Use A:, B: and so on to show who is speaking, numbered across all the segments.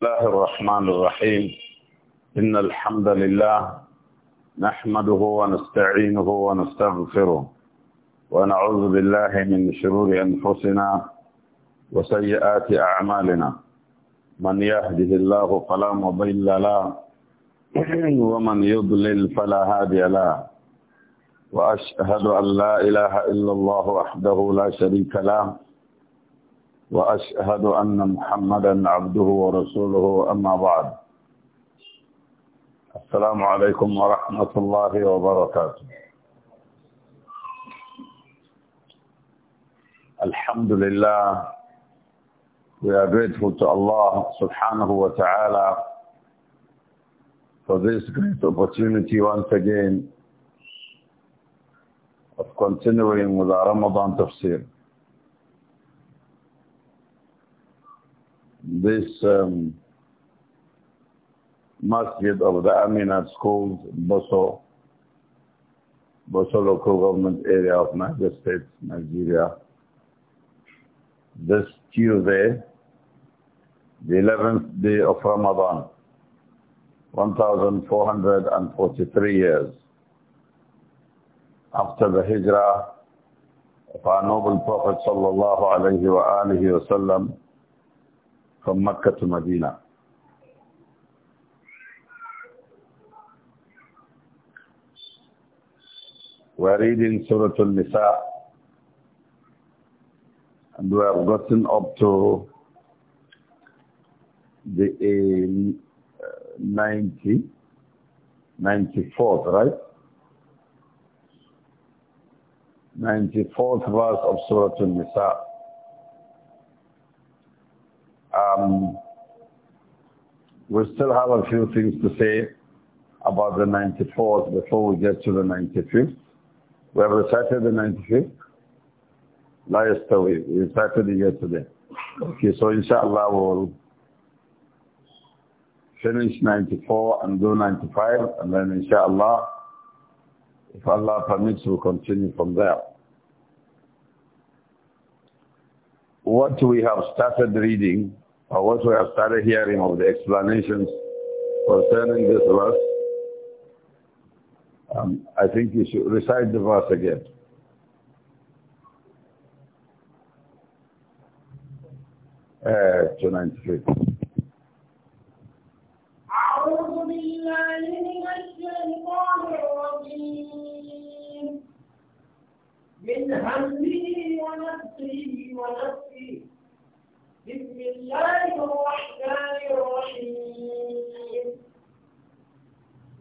A: الله الرحمن الرحيم إن الحمد لله نحمده ونستعينه ونستغفره ونعوذ بالله من شرور أنفسنا وسيئات أعمالنا من يهده الله فلا مضل له ومن يضلل فلا هادي له وأشهد أن لا إله إلا الله وحده لا شريك له وأشهد أن محمدا عبده ورسوله أما بعد السلام عليكم ورحمة الله وبركاته الحمد لله we are grateful to Allah subhanahu wa ta'ala for this great opportunity once again of continuing with our Ramadan tafsir. this um, masjid of the Aminat schools, Boso, Boso local government area of Niger State, Nigeria. This Tuesday, the 11th day of Ramadan, 1443 years after the hijrah of our noble Prophet sallallahu Alaihi Wasallam, wa from Mecca to Medina. We're reading Surah Al-Nisa and we have gotten up to the uh, 90, 94th, right? 94th verse of Surah Al-Nisa. Um, we still have a few things to say about the 94th before we get to the 95th. We have recited the 95th last week. We recited it yesterday. Okay, so inshallah we'll finish 94 and do 95 and then inshallah, if Allah permits, we'll continue from there. What we have started reading or uh, what we have started hearing of the explanations concerning this verse, um, I think you should recite the verse again. Uh, 293.
B: بسم الله الرحمن الرحيم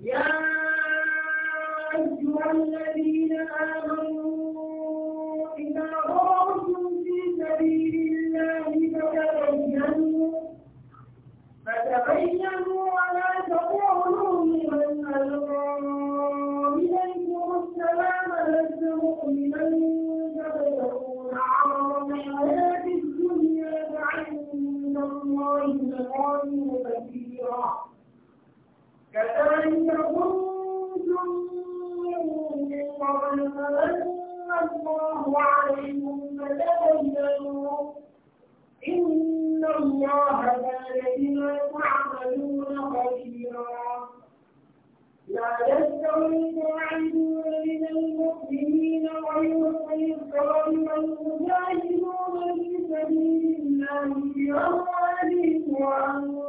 B: يا أيها الذين آمنوا وإن كنتم إن الله كان بما تعملون خبيرا لا يستوي القاعدون من المؤمنين ويعطي الظالم المجاهدون في الله بأموالهم وأنفسهم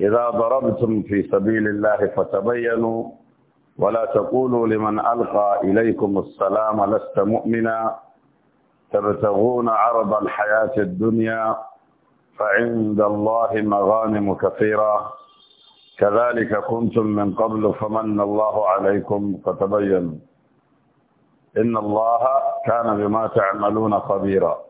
A: إذا ضربتم في سبيل الله فتبينوا ولا تقولوا لمن ألقى إليكم السلام لست مؤمنا تبتغون عرض الحياة الدنيا فعند الله مغانم كثيرة كذلك كنتم من قبل فمن الله عليكم فتبينوا إن الله كان بما تعملون خبيرا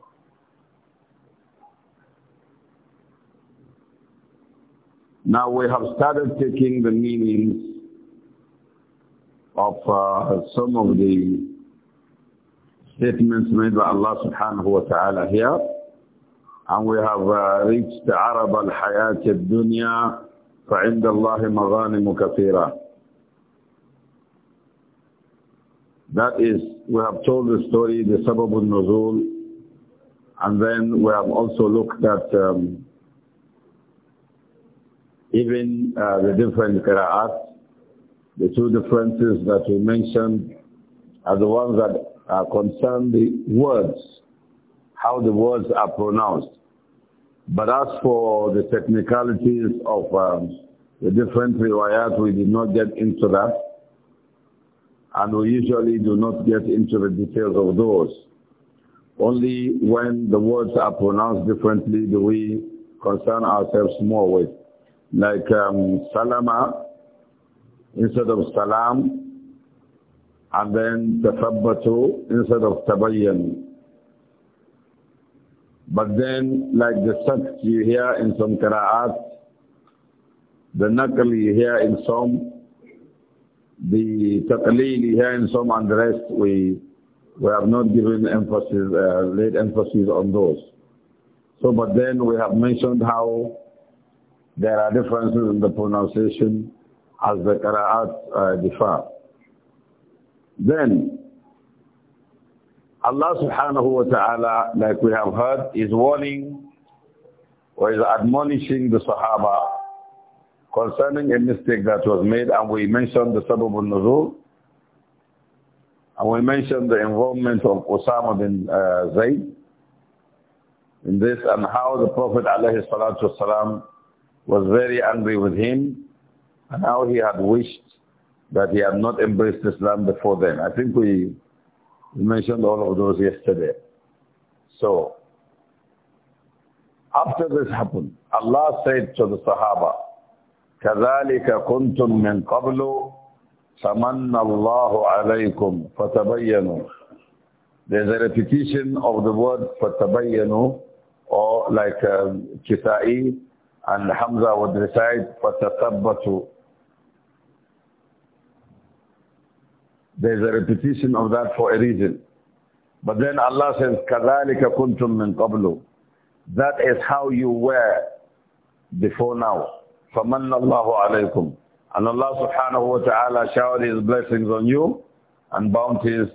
A: Now we have started taking the meanings of uh, some of the statements made by Allah subhanahu wa ta'ala here. And we have uh, reached Arab al-Hayat al-Dunya فَعِنْدَ اللَّهِ مَغَانِمُ كَثِيرًا That is, we have told the story, the Sabab al-Nuzul, and then we have also looked at um, even uh, the different qira'at, the two differences that we mentioned are the ones that uh, concern the words, how the words are pronounced. But as for the technicalities of um, the different riwayat, we did not get into that. And we usually do not get into the details of those. Only when the words are pronounced differently do we concern ourselves more with like um, Salama, instead of Salam, and then Tafabbatu instead of Tabayyan. But then, like the Sakt you hear in some Qira'at, the Nakal you hear in some, the Taqleel you hear in some, and the rest we, we have not given emphasis, uh, laid emphasis on those. So, but then we have mentioned how there are differences in the pronunciation as the Qur'an uh, differ. Then, Allah subhanahu wa ta'ala, like we have heard, is warning or is admonishing the Sahaba concerning a mistake that was made and we mentioned the Sabab al-Nuzul and we mentioned the involvement of Osama bin uh, Zayd in this and how the Prophet alayhi salatu wasalam was very angry with him and how he had wished that he had not embraced Islam before then. I think we mentioned all of those yesterday. So, after this happened, Allah said to the Sahaba, كَذَلِكَ كُنْتُم مِّن قَبْلُ فَمَنَّ اللَّهُ عَلَيْكُمْ فَتَبَيَّنُوا There's a repetition of the word فَتَبَيَّنُوا or like um, and Hamza would recite فَتَثَبَّتُوا There's a repetition of that for a reason. But then Allah says, كَذَلِكَ كُنْتُم مِّن قَبْلُ That is how you were before now. فَمَنَّ اللَّهُ عَلَيْكُمْ And Allah subhanahu wa ta'ala showered His blessings on you and bounties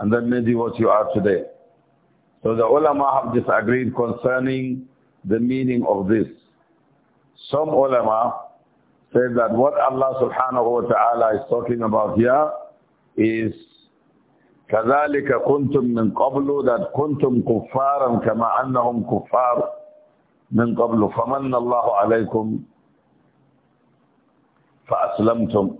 A: and then made you what you are today. So the ulama have disagreed concerning the meaning of this. Some ulama said that what Allah subhanahu wa ta'ala is talking about here is كذلك كنتم من قبل that كنتم كفارا كما أنهم كفار من قبل فمن الله عليكم فأسلمتم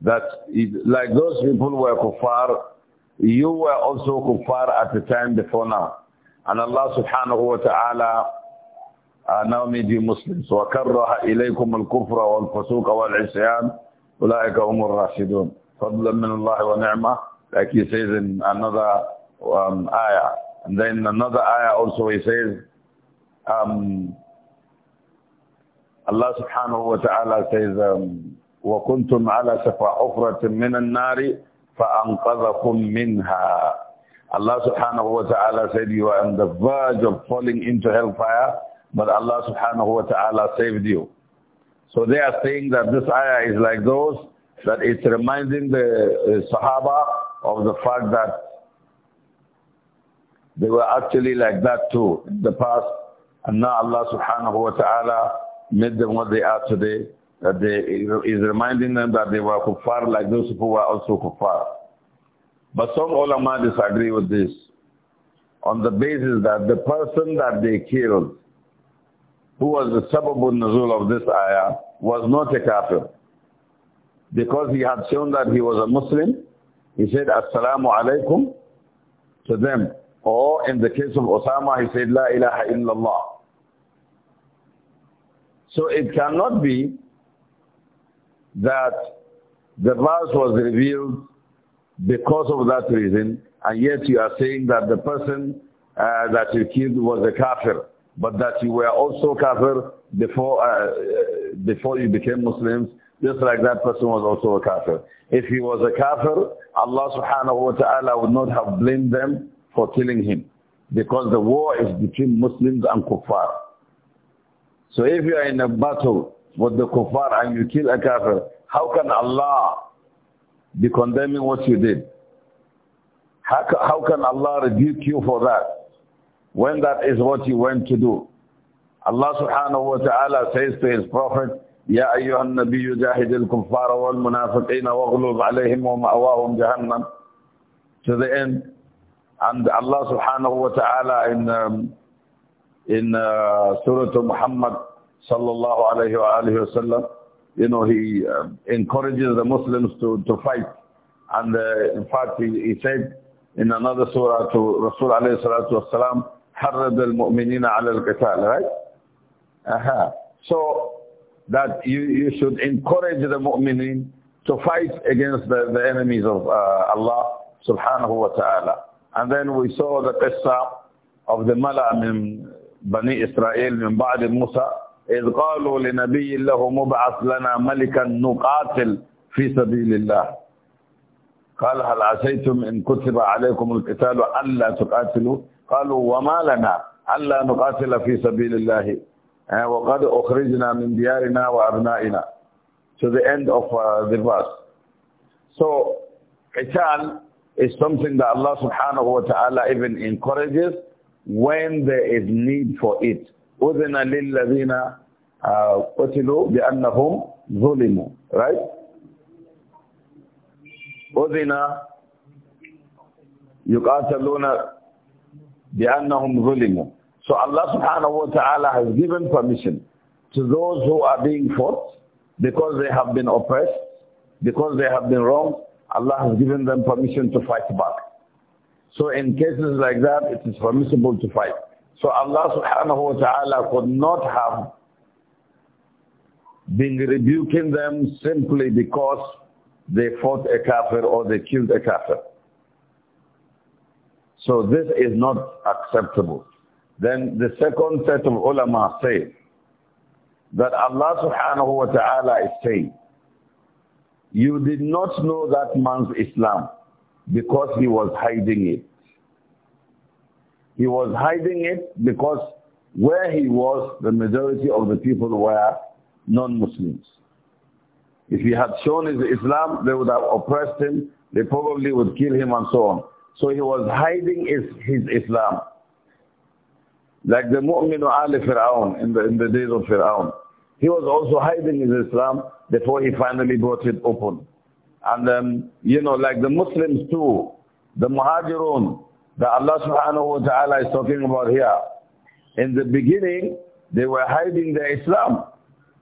A: that it, like those people were kuffar you were also kuffar at the time before now and Allah subhanahu wa ta'ala are now made Muslims. وَكَرَّهَ إِلَيْكُمُ الْكُفْرَ وَالْفَسُوقَ وَالْعِسْيَانَ أُولَٰئِكَ هُمُ الرَّاشِدُونَ فَضْلًا مِنَ اللَّهِ وَنِعْمَةً Like he says in another um, ayah. And then in another ayah also he says, um, Allah subhanahu wa ta'ala says, um, وَكُنْتُمْ عَلَى سَفَا حُفْرَةٍ مِنَ النَّارِ فَأَنْقَذَكُمْ مِنْهَا Allah subhanahu wa ta'ala said, you are on the verge of falling into hellfire but Allah subhanahu wa ta'ala saved you. So they are saying that this ayah is like those, that it's reminding the Sahaba of the fact that they were actually like that too in the past. And now Allah subhanahu wa ta'ala made them what they are today. That they is reminding them that they were kuffar like those who were also kuffar. But some ulama disagree with this on the basis that the person that they killed who was the sababun nuzul of this ayah, was not a kafir. Because he had shown that he was a Muslim, he said, Assalamu alaikum to them. Or in the case of Osama, he said, La ilaha illallah. So it cannot be that the verse was revealed because of that reason, and yet you are saying that the person uh, that you killed was a kafir but that you were also kafir before, uh, uh, before you became Muslims, just like that person was also a kafir. If he was a kafir, Allah subhanahu wa ta'ala would not have blamed them for killing him. Because the war is between Muslims and kuffar. So if you are in a battle with the kuffar and you kill a kafir, how can Allah be condemning what you did? How, how can Allah rebuke you for that? when that is what you went to do. Allah subhanahu wa ta'ala says to his prophet, يا أيها النبي جاهد الكفار والمنافقين alayhim عليهم ومأواهم جهنم to the end and Allah subhanahu wa ta'ala in um, in uh, Surah Muhammad sallallahu alayhi wa alayhi wa sallam you know he uh, encourages the Muslims to, to fight and uh, in fact he, he said in another surah to Rasul alayhi salatu wasalam حرض المؤمنين على القتال, right? Uh-huh. So that you, you should encourage the mu'minin to fight against the, the enemies of uh, Allah subhanahu wa ta'ala. And then we saw the qissa of the mala min Bani Israel min ba'd Musa إذ قالوا لنبي له مبعث لنا ملكا نقاتل في سبيل الله قال هل عسيتم إن كتب عليكم القتال ألا تقاتلوا قالوا وما لنا ألا نقاتل في سبيل الله وقد أخرجنا من ديارنا وأبنائنا to the end of uh, the verse. So, qital is something that Allah subhanahu wa ta'ala even encourages when there is need for it. أذن qatilu bi annahum zulimu Right? udhina yuqataluna بأنهم ظلموا. So Allah subhanahu wa ta'ala has given permission to those who are being fought because they have been oppressed, because they have been wronged, Allah has given them permission to fight back. So in cases like that, it is permissible to fight. So Allah subhanahu wa ta'ala could not have been rebuking them simply because they fought a kafir or they killed a kafir. So this is not acceptable. Then the second set of ulama say that Allah subhanahu wa ta'ala is saying, you did not know that man's Islam because he was hiding it. He was hiding it because where he was, the majority of the people were non-Muslims. If he had shown his Islam, they would have oppressed him, they probably would kill him and so on. So he was hiding his, his Islam. Like the mu'minu Ali Fir'aun in the, in the days of Fir'aun. He was also hiding his Islam before he finally brought it open. And then, um, you know, like the Muslims too, the muhajirun that Allah subhanahu wa ta'ala is talking about here. In the beginning, they were hiding their Islam.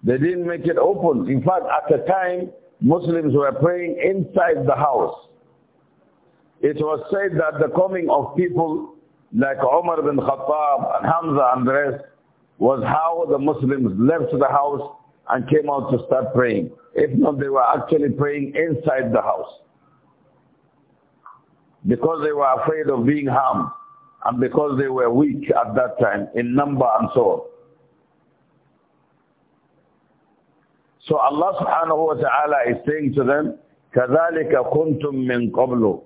A: They didn't make it open. In fact, at the time, Muslims were praying inside the house. It was said that the coming of people like Umar bin Khattab and Hamza and the rest was how the Muslims left the house and came out to start praying. If not, they were actually praying inside the house. Because they were afraid of being harmed and because they were weak at that time in number and so on. So Allah subhanahu wa ta'ala is saying to them, كَذَلِكَ كُنْتُم مِّن قَبْلُ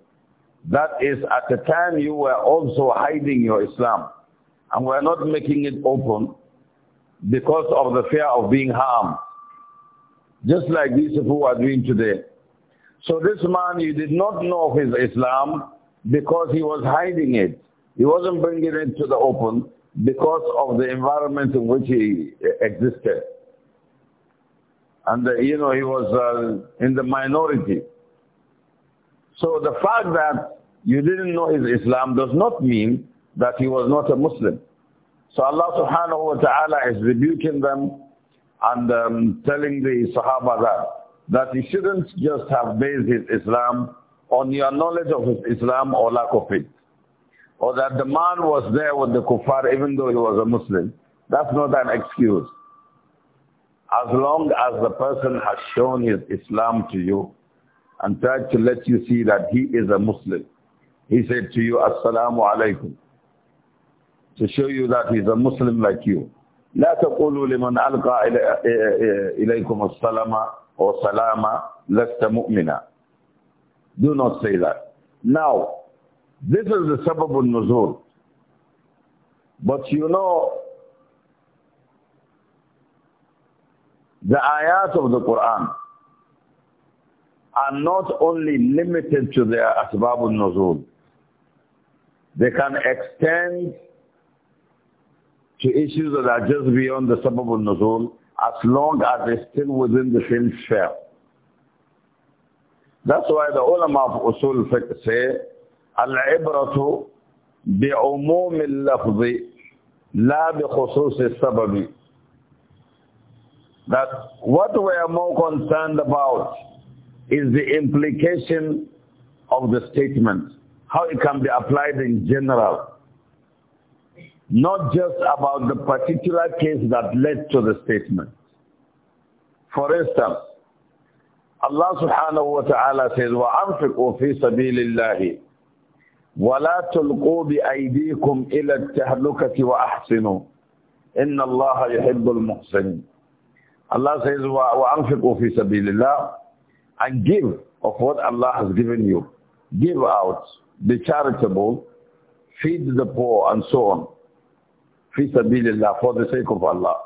A: that is, at the time you were also hiding your Islam and were not making it open because of the fear of being harmed. Just like these who are doing today. So this man, you did not know of his Islam because he was hiding it. He wasn't bringing it to the open because of the environment in which he existed. And, uh, you know, he was uh, in the minority. So the fact that you didn't know his Islam does not mean that he was not a Muslim. So Allah subhanahu wa ta'ala is rebuking them and um, telling the Sahaba that, that he shouldn't just have based his Islam on your knowledge of his Islam or lack of it. Or that the man was there with the kuffar even though he was a Muslim. That's not an excuse. As long as the person has shown his Islam to you, and tried to let you see that he is a Muslim. He said to you, Assalamu alaikum, to show you that he's a Muslim like you. لا تقولوا لمن ألقى إليكم السلام أو سلاما لست مؤمنا. Do not say that. Now, this is the sababul nuzul. But you know, the ayat of the Quran, are not only limited to their asbabun nuzul. They can extend to issues that are just beyond the sababun nuzul as long as they're still within the same sphere. That's why the ulama of usul fiqh say, al-ibratu umum al lafz la bi khusus al-sababi. That what we are more concerned about is the implication of the statement, how it can be applied in general, not just about the particular case that led to the statement. For instance, Allah subhanahu wa ta'ala says, وَأَنْفِقُوا فِي سَبِيلِ اللَّهِ وَلَا تُلْقُوا بِأَيْدِيكُمْ إِلَى التَّهْلُكَةِ وَأَحْسِنُوا إِنَّ اللَّهَ يُحِبُّ الْمُحْسِنِينَ Allah says, وَأَنْفِقُوا فِي سَبِيلِ اللَّهِ and give of what Allah has given you. Give out, be charitable, feed the poor and so on. Fi سبيل for the sake of Allah.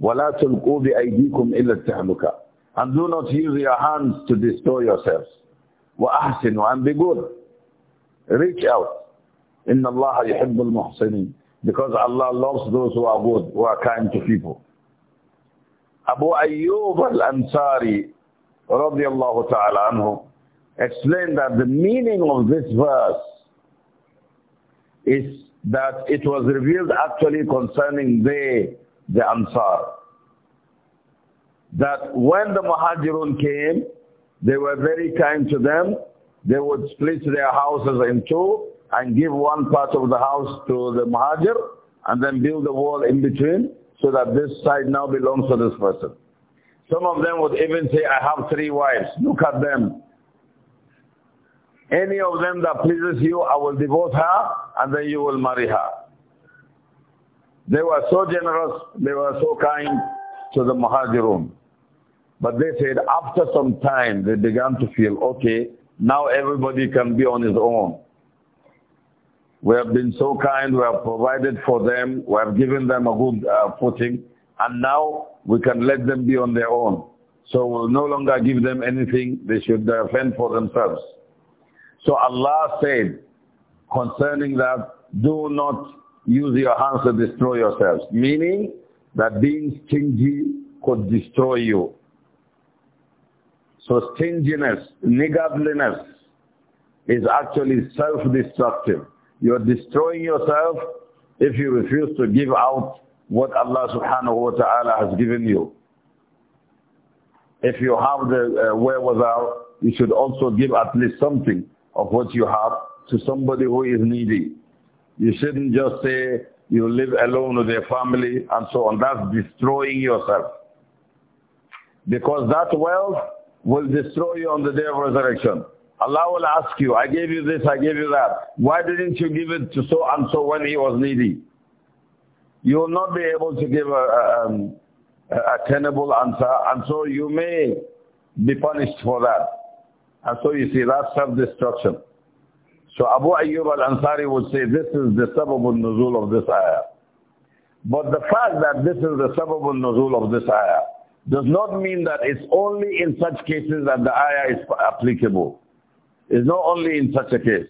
A: ولا تلقوا بأيديكم إلا التهلكة. And do not use your hands to destroy yourselves. وأحسنوا and be good. Reach out. إن الله يحب المحسنين. Because Allah loves those who are good, who are kind to people. Abu Ayyub al-Ansari radiallahu ta'ala anhu, explained that the meaning of this verse is that it was revealed actually concerning they, the Ansar. That when the Muhajirun came, they were very kind to them. They would split their houses in two and give one part of the house to the Muhajir and then build a wall in between so that this side now belongs to this person. Some of them would even say, I have three wives. Look at them. Any of them that pleases you, I will divorce her and then you will marry her. They were so generous, they were so kind to the Muhajirun. But they said after some time they began to feel, okay, now everybody can be on his own. We have been so kind, we have provided for them, we have given them a good uh, footing. And now we can let them be on their own. So we'll no longer give them anything. They should uh, fend for themselves. So Allah said concerning that, do not use your hands to destroy yourselves. Meaning that being stingy could destroy you. So stinginess, niggardliness is actually self-destructive. You're destroying yourself if you refuse to give out what Allah subhanahu wa ta'ala has given you. If you have the uh, wherewithal, you should also give at least something of what you have to somebody who is needy. You shouldn't just say you live alone with your family and so on. That's destroying yourself. Because that wealth will destroy you on the day of resurrection. Allah will ask you, I gave you this, I gave you that. Why didn't you give it to so and so when he was needy? you will not be able to give a, um, a, a tenable answer, and so you may be punished for that. And so you see, that's self-destruction. So Abu Ayyub al-Ansari would say this is the sababun nuzul of this ayah. But the fact that this is the sababun nuzul of this ayah does not mean that it's only in such cases that the ayah is applicable. It's not only in such a case.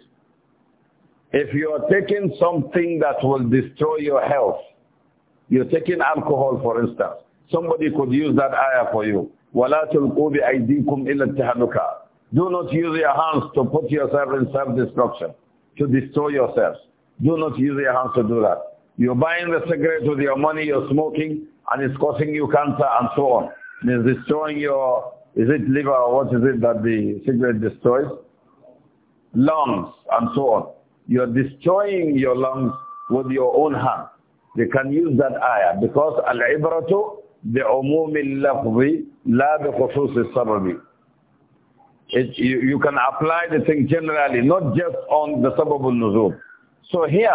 A: If you are taking something that will destroy your health, you're taking alcohol, for instance. Somebody could use that ayah for you. وَلَا تُلْقُوا بِأَيْدِيكُمْ إِلَّا التَّهَلُكَ Do not use your hands to put yourself in self-destruction, to destroy yourselves. Do not use your hands to do that. You're buying the cigarette with your money, you're smoking, and it's causing you cancer and so on. And it's destroying your, is it liver or what is it that the cigarette destroys? Lungs and so on. You're destroying your lungs with your own hands. They can use that ayah because al-ibratu بعموم اللفظ لا بخصوص السبب. It, sababi. you can apply the thing generally, not just on the sababul nuzul. So here,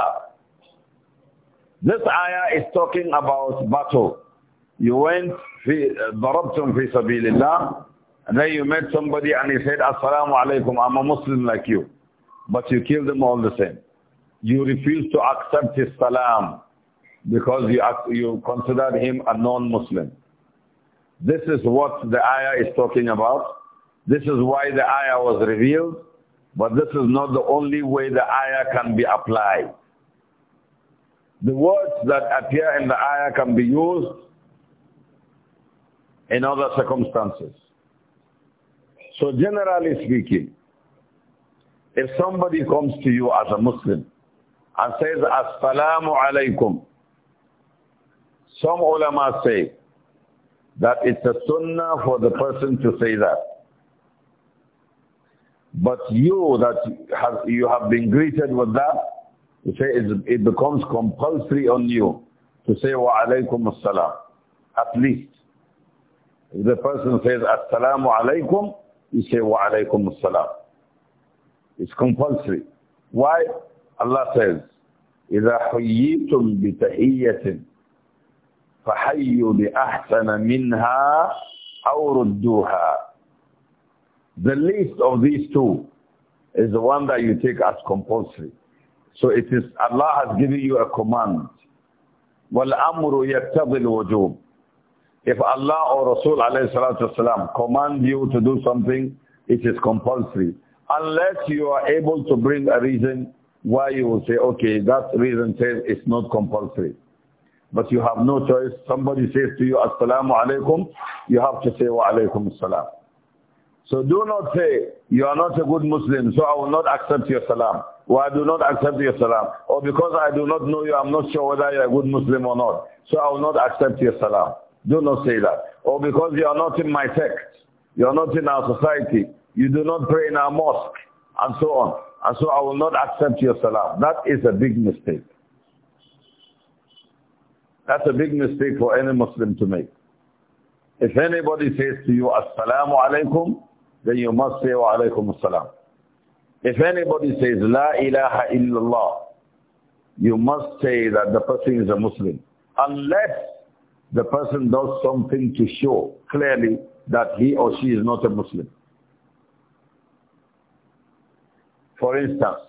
A: this ayah is talking about battle. You went, fi في fi الله, and then you met somebody and he said, Assalamu alaykum, I'm a Muslim like you. But you killed them all the same. You refused to accept his salam because you, you consider him a non-Muslim. This is what the ayah is talking about. This is why the ayah was revealed, but this is not the only way the ayah can be applied. The words that appear in the ayah can be used in other circumstances. So generally speaking, if somebody comes to you as a Muslim and says, "As-salamu alaykum," Some ulama say that it's a sunnah for the person to say that. But you that have, you have been greeted with that, you say it becomes compulsory on you to say wa alaykum assalam. At least. If the person says assalamu alaykum, you say wa alaykum assalam. It's compulsory. Why? Allah says, إِذَا حُيِّيتُمْ بِتَحِيَّةٍ بِأَحْسَنَ مِنْهَا أَوْ رُدُّوهَا The least of these two is the one that you take as compulsory. So it is Allah has given you a command. وَالْأَمْرُ يَقْتَضِي الْوُجُوبِ If Allah or Rasul والسلام, command you to do something, it is compulsory. Unless you are able to bring a reason why you will say, okay, that reason says it's not compulsory. But you have no choice. Somebody says to you, Assalamu alaikum, you have to say wa alaikum assalam. So do not say, you are not a good Muslim, so I will not accept your salam. Or I do not accept your salam. Or because I do not know you, I'm not sure whether you're a good Muslim or not. So I will not accept your salam. Do not say that. Or because you are not in my sect, you are not in our society, you do not pray in our mosque, and so on. And so I will not accept your salam. That is a big mistake. That's a big mistake for any Muslim to make. If anybody says to you, Assalamu alaikum, then you must say, Wa alaikum assalam. If anybody says, La ilaha illallah, you must say that the person is a Muslim. Unless the person does something to show clearly that he or she is not a Muslim. For instance,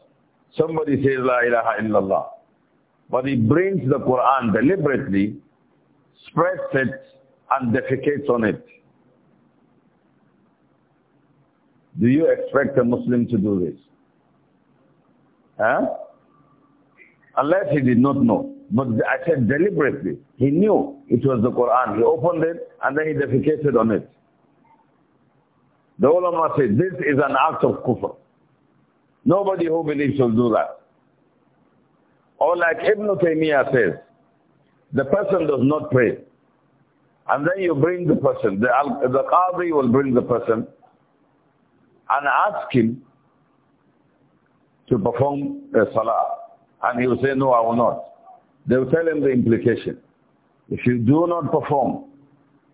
A: somebody says, La ilaha illallah. But he brings the Quran deliberately, spreads it, and defecates on it. Do you expect a Muslim to do this? Huh? Unless he did not know. But I said deliberately. He knew it was the Quran. He opened it and then he defecated on it. The ulama said, this is an act of kufr. Nobody who believes will do that. Or like Ibn Taymiyyah says, the person does not pray. And then you bring the person, the, the Qadi will bring the person and ask him to perform a salah. And he will say, no, I will not. They will tell him the implication. If you do not perform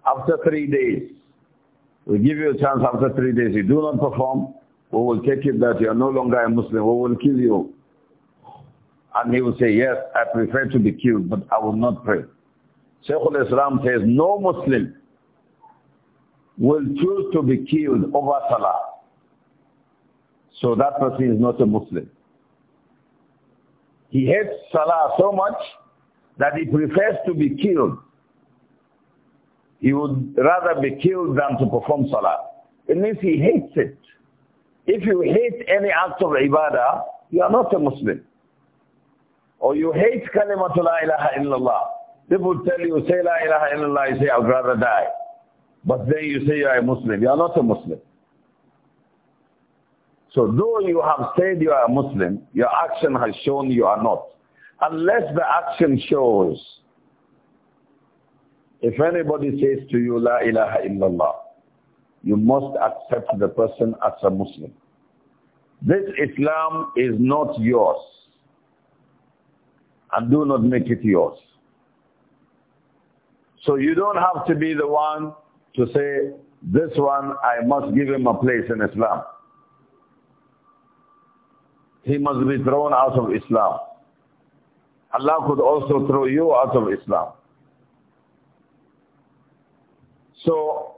A: after three days, we give you a chance after three days. You do not perform, we will take it that you are no longer a Muslim. We will kill you. And he will say, yes, I prefer to be killed, but I will not pray. Shaykh al-Islam says, no Muslim will choose to be killed over Salah. So that person is not a Muslim. He hates Salah so much that he prefers to be killed. He would rather be killed than to perform Salah. It means he hates it. If you hate any act of ibadah, you are not a Muslim. Or oh, you hate kalimatul la ilaha illallah. People tell you, say la ilaha illallah, you say, I'd rather die. But then you say you are a Muslim. You are not a Muslim. So though you have said you are a Muslim, your action has shown you are not. Unless the action shows, if anybody says to you, La ilaha illallah, you must accept the person as a Muslim. This Islam is not yours and do not make it yours. So you don't have to be the one to say, this one, I must give him a place in Islam. He must be thrown out of Islam. Allah could also throw you out of Islam. So,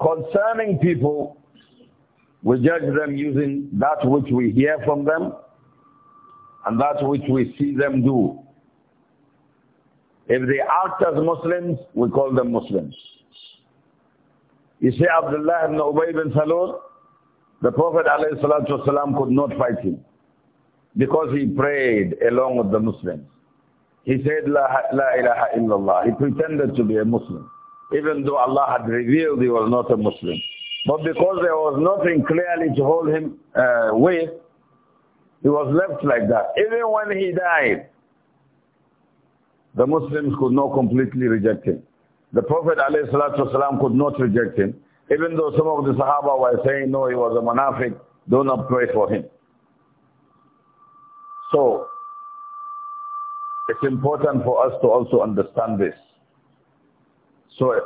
A: concerning people, we judge them using that which we hear from them and that which we see them do. If they act as Muslims, we call them Muslims. You see Abdullah ibn Ubay ibn Salul, the Prophet ﷺ could not fight him because he prayed along with the Muslims. He said, La, la ilaha illallah. He pretended to be a Muslim, even though Allah had revealed he was not a Muslim. But because there was nothing clearly to hold him uh, with, he was left like that. Even when he died, the Muslims could not completely reject him. The Prophet ﷺ could not reject him, even though some of the Sahaba were saying, no, he was a munafiq, do not pray for him. So, it's important for us to also understand this. So,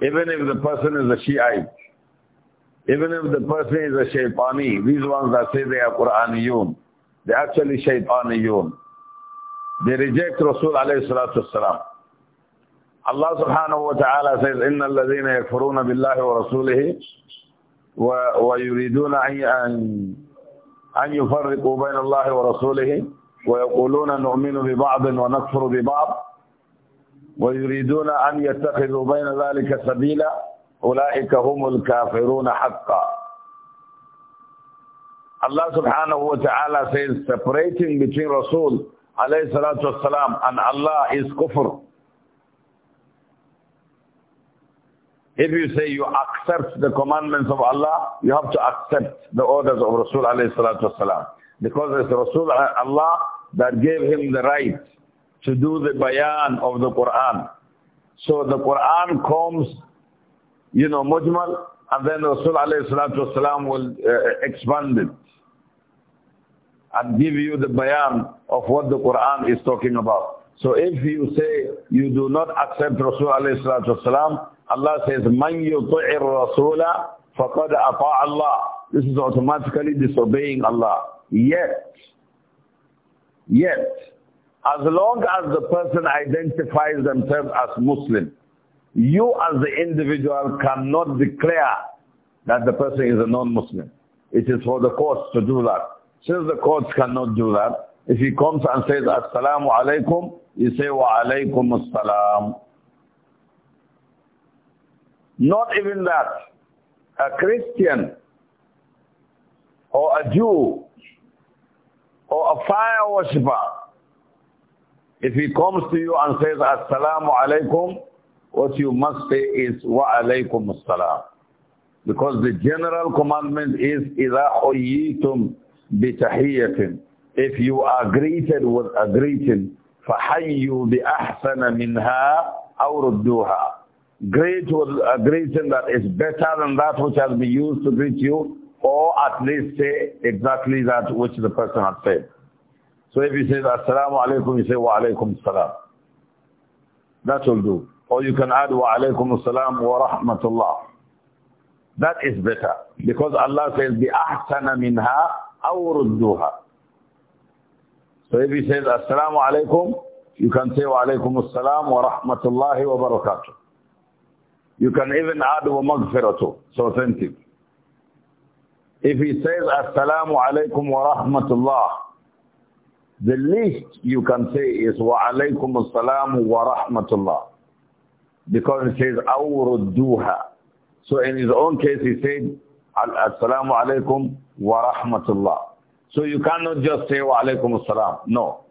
A: even if the person is a Shiite, even if the person is a shaitani, these ones that say they are Quraniyun, they actually shaitaniyun. They reject Rasul alayhi salatu wasalam. Allah subhanahu wa ta'ala says, إِنَّ الَّذِينَ يَكْفُرُونَ بِاللَّهِ وَرَسُولِهِ وَيُرِيدُونَ أَنْ أن يفرقوا بين الله ورسوله ويقولون نؤمن ببعض ونكفر ببعض ويريدون أن يتخذوا بين ذلك سبيلا أولئك هم الكافرون حقا Allah subhanahu wa ta'ala says separating between Rasul alayhi salatu wasalam and Allah is kufr. If you say you accept the commandments of Allah, you have to accept the orders of Rasul alayhi salatu wasalam. Because it's Rasul Allah that gave him the right to do the bayan of the Quran. So the Quran comes you know, Mujmal, and then Rasul alayhi salatu wasalam will uh, expand it and give you the bayan of what the Quran is talking about. So if you say you do not accept Rasul alayhi salatu wasalam, Allah says, Man yutu'ir rasula faqad ata Allah. This is automatically disobeying Allah. Yet, yet, as long as the person identifies themselves as Muslim, you as the individual cannot declare that the person is a non-Muslim. It is for the courts to do that. Since the courts cannot do that, if he comes and says, Assalamu alaikum, you say, Wa alaikum assalam. Not even that. A Christian or a Jew or a fire worshipper, if he comes to you and says, Assalamu alaikum, what you must say is wa alaykum as because the general commandment is idha huyitum bi tahiyatin if you are greeted with a greeting fahayyu bi ahsana minha aw rudduha greet with a greeting that is better than that which has been used to greet you or at least say exactly that which the person has said so if he says assalamu alaykum, you say wa alaykum assalam. that will do or you can add wa alaykum assalam wa rahmatullah. That is better. Because Allah says, bi مِنْهَا minha رُدُّهَا So if he says, Assalamu alaykum, you can say, Wa alaykum assalam wa rahmatullahi wa barakatuh. You can even add wa maghfiratu. It's authentic. If he says, Assalamu alaykum wa rahmatullah, the least you can say is, Wa alaykum assalam wa rahmatullah because it says awrudduha. So in his own case he said assalamu alaikum wa rahmatullah. So you cannot just say wa alaikum assalam. No.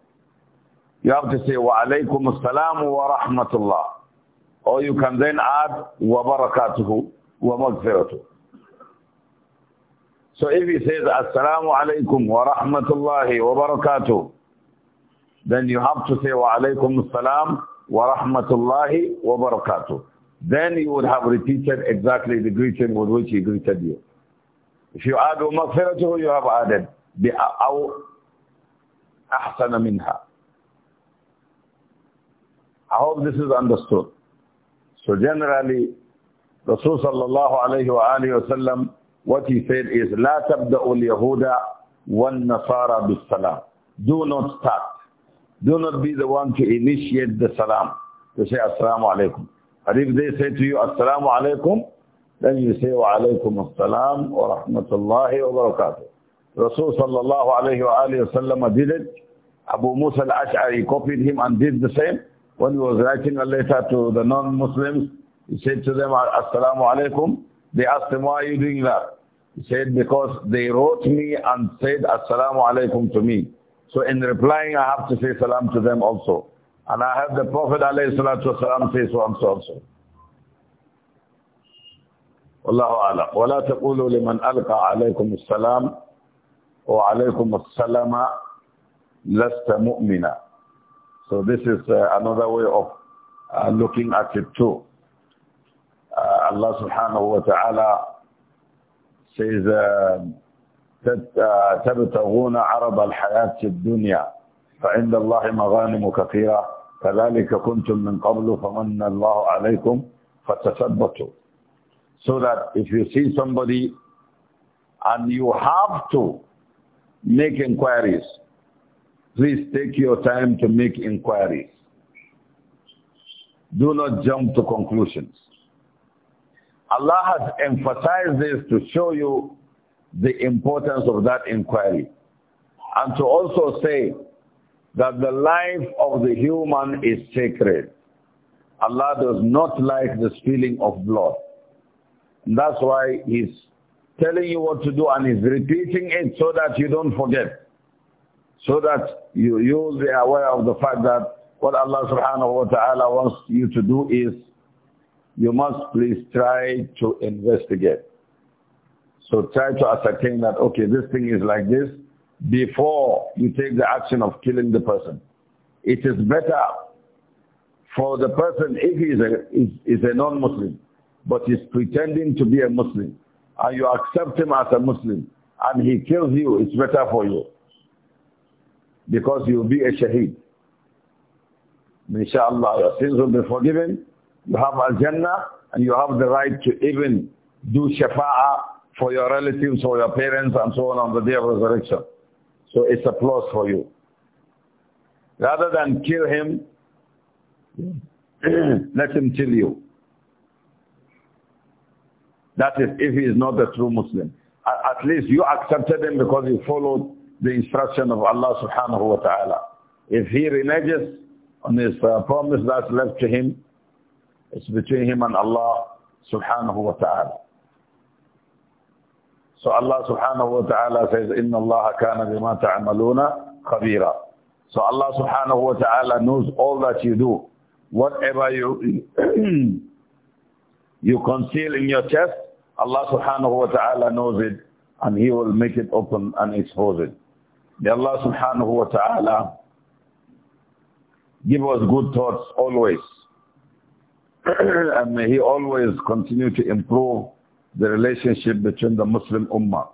A: You have to say wa alaikum assalam wa rahmatullah. Or you can then add wa barakatuhu wa maghfiratuhu. So if he says assalamu alaikum wa rahmatullahi wa barakatuh, then you have to say wa alaikum assalam wa rahmatullahi wa barakatuh. Then you would have repeated exactly the greeting with which he greeted you. If you add wa maghfiratuhu, you have added bi aw ahsana minha. I hope this is understood. So generally, Rasul sallallahu alayhi wa alayhi wa sallam, what he said is, لا تبدأ اليهود والنصارى بالسلام. Do not start Do not be the one to initiate the salam, to say assalamu alaikum. And if they say to you assalamu alaikum, then you say wa alaikum assalam wa rahmatullahi wa barakatuh. Rasul sallallahu alayhi wa alayhi wa sallam did it. Abu Musa al-Ash'ari copied him and did the same. When he was writing a letter to the non-Muslims, he said to them, Assalamu alaikum. They asked him, why are you doing that? He said, because they wrote me and said Assalamu alaikum to me. So in replying, I have to say salam to them also. And I have the Prophet والسلام, say so and so also. والله أعلم ولا تقولوا لمن ألقى عليكم السلام وعليكم السلام لست مؤمنا So this is uh, another way of uh, looking at it too. Uh, Allah subhanahu wa ta'ala says, um, تبتغون عرض الحياة الدنيا فعند الله مغانم كثيرة كذلك كنتم من قبل فمن الله عليكم فتثبتوا so that if you see somebody and you have to make inquiries please take your time to make inquiries do not jump to conclusions Allah has emphasized this to show you the importance of that inquiry. And to also say that the life of the human is sacred. Allah does not like the spilling of blood. And that's why he's telling you what to do and he's repeating it so that you don't forget. So that you, you'll be aware of the fact that what Allah subhanahu wa ta'ala wants you to do is you must please try to investigate. So try to ascertain that, okay, this thing is like this before you take the action of killing the person. It is better for the person if he is a, is, is a non-Muslim, but he's pretending to be a Muslim, and you accept him as a Muslim, and he kills you, it's better for you. Because you will be a shaheed. Inshallah, your sins will be forgiven, you have al-Jannah, and you have the right to even do shafa'ah for your relatives or your parents and so on on the day of resurrection. So it's a plus for you. Rather than kill him, let him kill you. That is if he is not a true Muslim. At least you accepted him because you followed the instruction of Allah subhanahu wa ta'ala. If he reneges on his uh, promise that's left to him, it's between him and Allah subhanahu wa ta'ala. So Allah subhanahu wa ta'ala says, إِنَّ اللَّهَ كَانَ بِمَا تَعْمَلُونَ خَبِيرًا So Allah subhanahu wa ta'ala knows all that you do. Whatever you, you conceal in your chest, Allah subhanahu wa ta'ala knows it and He will make it open and expose it. May Allah subhanahu wa ta'ala give us good thoughts always. and may He always continue to improve the relationship between the Muslim Ummah.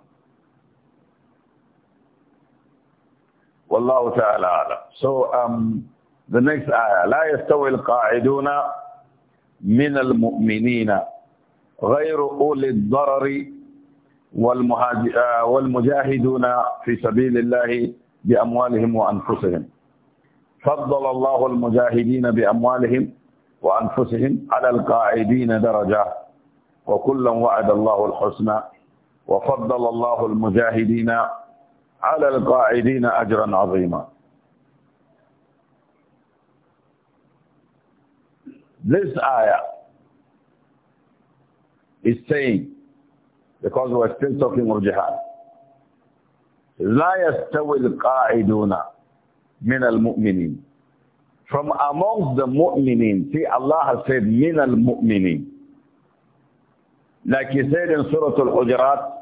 A: والله تعالى أعلم. So um, the next ayah. لا يستوي القاعدون من المؤمنين غير أولي الضرر والمجاهدون في سبيل الله بأموالهم وأنفسهم فضل الله المجاهدين بأموالهم وأنفسهم على القاعدين درجات. وكلا وعد الله الحسنى وفضل الله المجاهدين على القاعدين أجرا عظيما This ayah is saying, because we're still talking of jihad, لا يستوي القاعدون من المؤمنين From amongst the mu'minin, see Allah has said, من المؤمنين Like he said in Surah Al-Hujurat,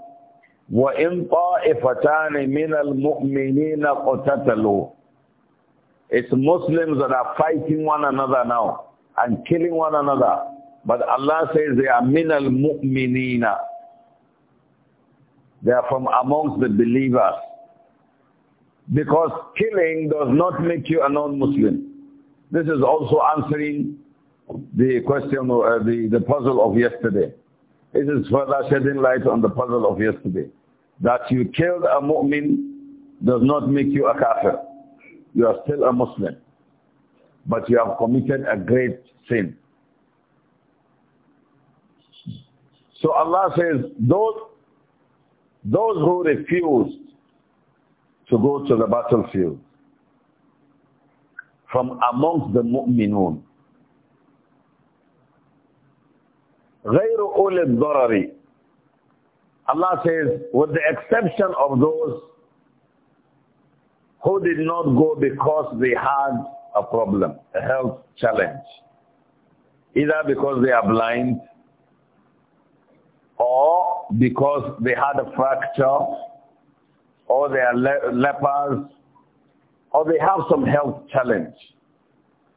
A: وَإِن طَائِفَتَانِ مِنَ الْمُؤْمِنِينَ قَتَتَلُوا It's Muslims that are fighting one another now and killing one another. But Allah says they are min al-mu'minina. They are from amongst the believers. Because killing does not make you a non-Muslim. This is also answering the question, uh, the, the puzzle of yesterday. It is further shedding light on the puzzle of yesterday. That you killed a mu'min does not make you a kafir. You are still a Muslim. But you have committed a great sin. So Allah says, those, those who refused to go to the battlefield, from amongst the mu'minun, غَيْرُ أُولِ الضَّرَرِ Allah says, with the exception of those who did not go because they had a problem, a health challenge, either because they are blind or because they had a fracture or they are le lepers or they have some health challenge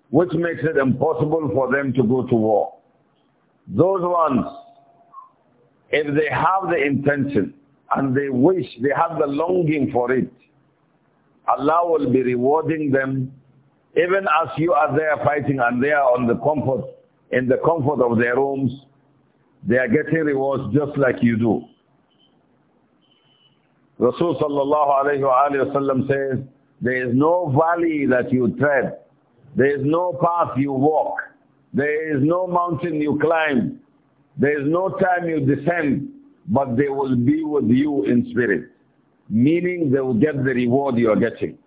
A: which makes it impossible for them to go to war. Those ones, if they have the intention and they wish, they have the longing for it, Allah will be rewarding them even as you are there fighting and they are on the comfort, in the comfort of their rooms, they are getting rewards just like you do. Rasul sallallahu alayhi wa sallam says, there is no valley that you tread. There is no path you walk there is no mountain you climb. There is no time you descend, but they will be with you in spirit. Meaning they will get the reward you are getting.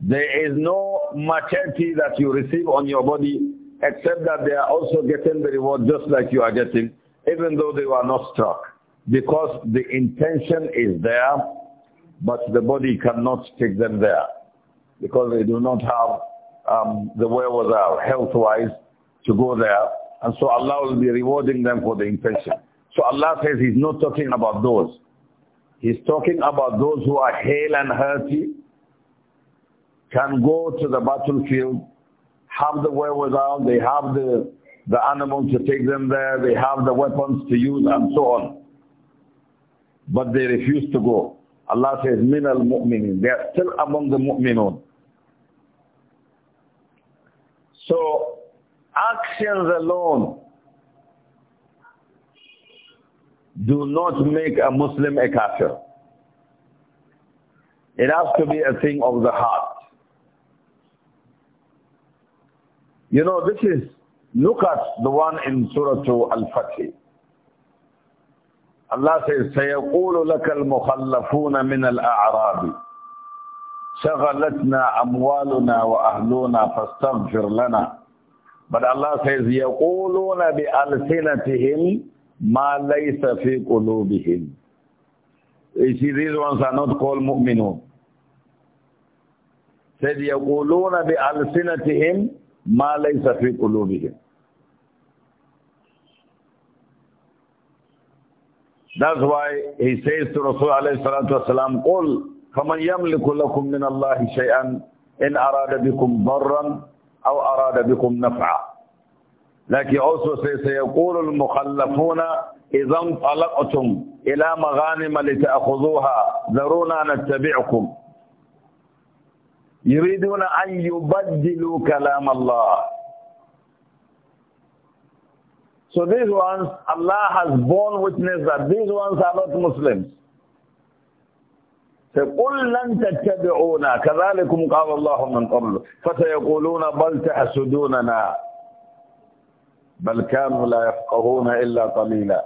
A: There is no machete that you receive on your body except that they are also getting the reward just like you are getting, even though they were not struck. Because the intention is there, but the body cannot take them there. Because they do not have um, the wherewithal health-wise to go there. And so Allah will be rewarding them for the intention. So Allah says He's not talking about those. He's talking about those who are hale and hearty, can go to the battlefield, have the wherewithal, they have the, the animals to take them there, they have the weapons to use and so on. But they refuse to go. Allah says, min al mu'minin. They are still among the mu'minun. So Actions alone do not make a Muslim a kafir. It has to be a thing of the heart. You know, this is, look at the one in Surah Al-Fatih. Allah says, سيقول لك المخلفون من الأعراب شغلتنا أموالنا وأهلنا فاستغفر لنا But Allah says, يَقُولُونَ بِأَلْسِنَتِهِمْ مَا لَيْسَ فِي قُلُوبِهِمْ You see, these ones are not called mu'minun. Said, يَقُولُونَ بِأَلْسِنَتِهِمْ مَا لَيْسَ فِي قُلُوبِهِمْ That's why he says to صلى الله عليه وسلم, قُلْ فَمَنْ يَمْلِكُ لَكُمْ مِنَ اللَّهِ شَيْئًا إِنْ أَرَادَ بِكُمْ ضَرًّا أو أراد بكم نفعا لكن أوسو سيقول المخلفون إذا انطلقتم إلى مغانم لتأخذوها ذرونا نتبعكم يريدون أن يبدلوا كلام الله So these ones, Allah has borne witness that these ones are not Muslims. فقل لن تتبعونا كذلكم قال الله من قبل فسيقولون بل تحسدوننا بل كانوا لا يفقهون إلا قليلا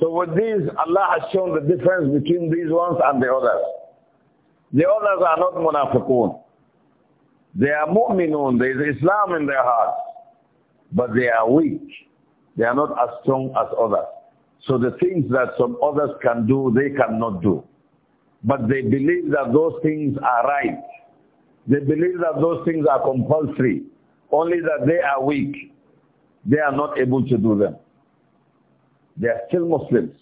A: So with these, Allah has shown the difference between these ones and the others. The others are not munafiqun. They are mu'minun. There is Islam in their hearts. But they are weak. They are not as strong as others. So the things that some others can do, they cannot do. But they believe that those things are right. They believe that those things are compulsory, only that they are weak. They are not able to do them. They are still Muslims.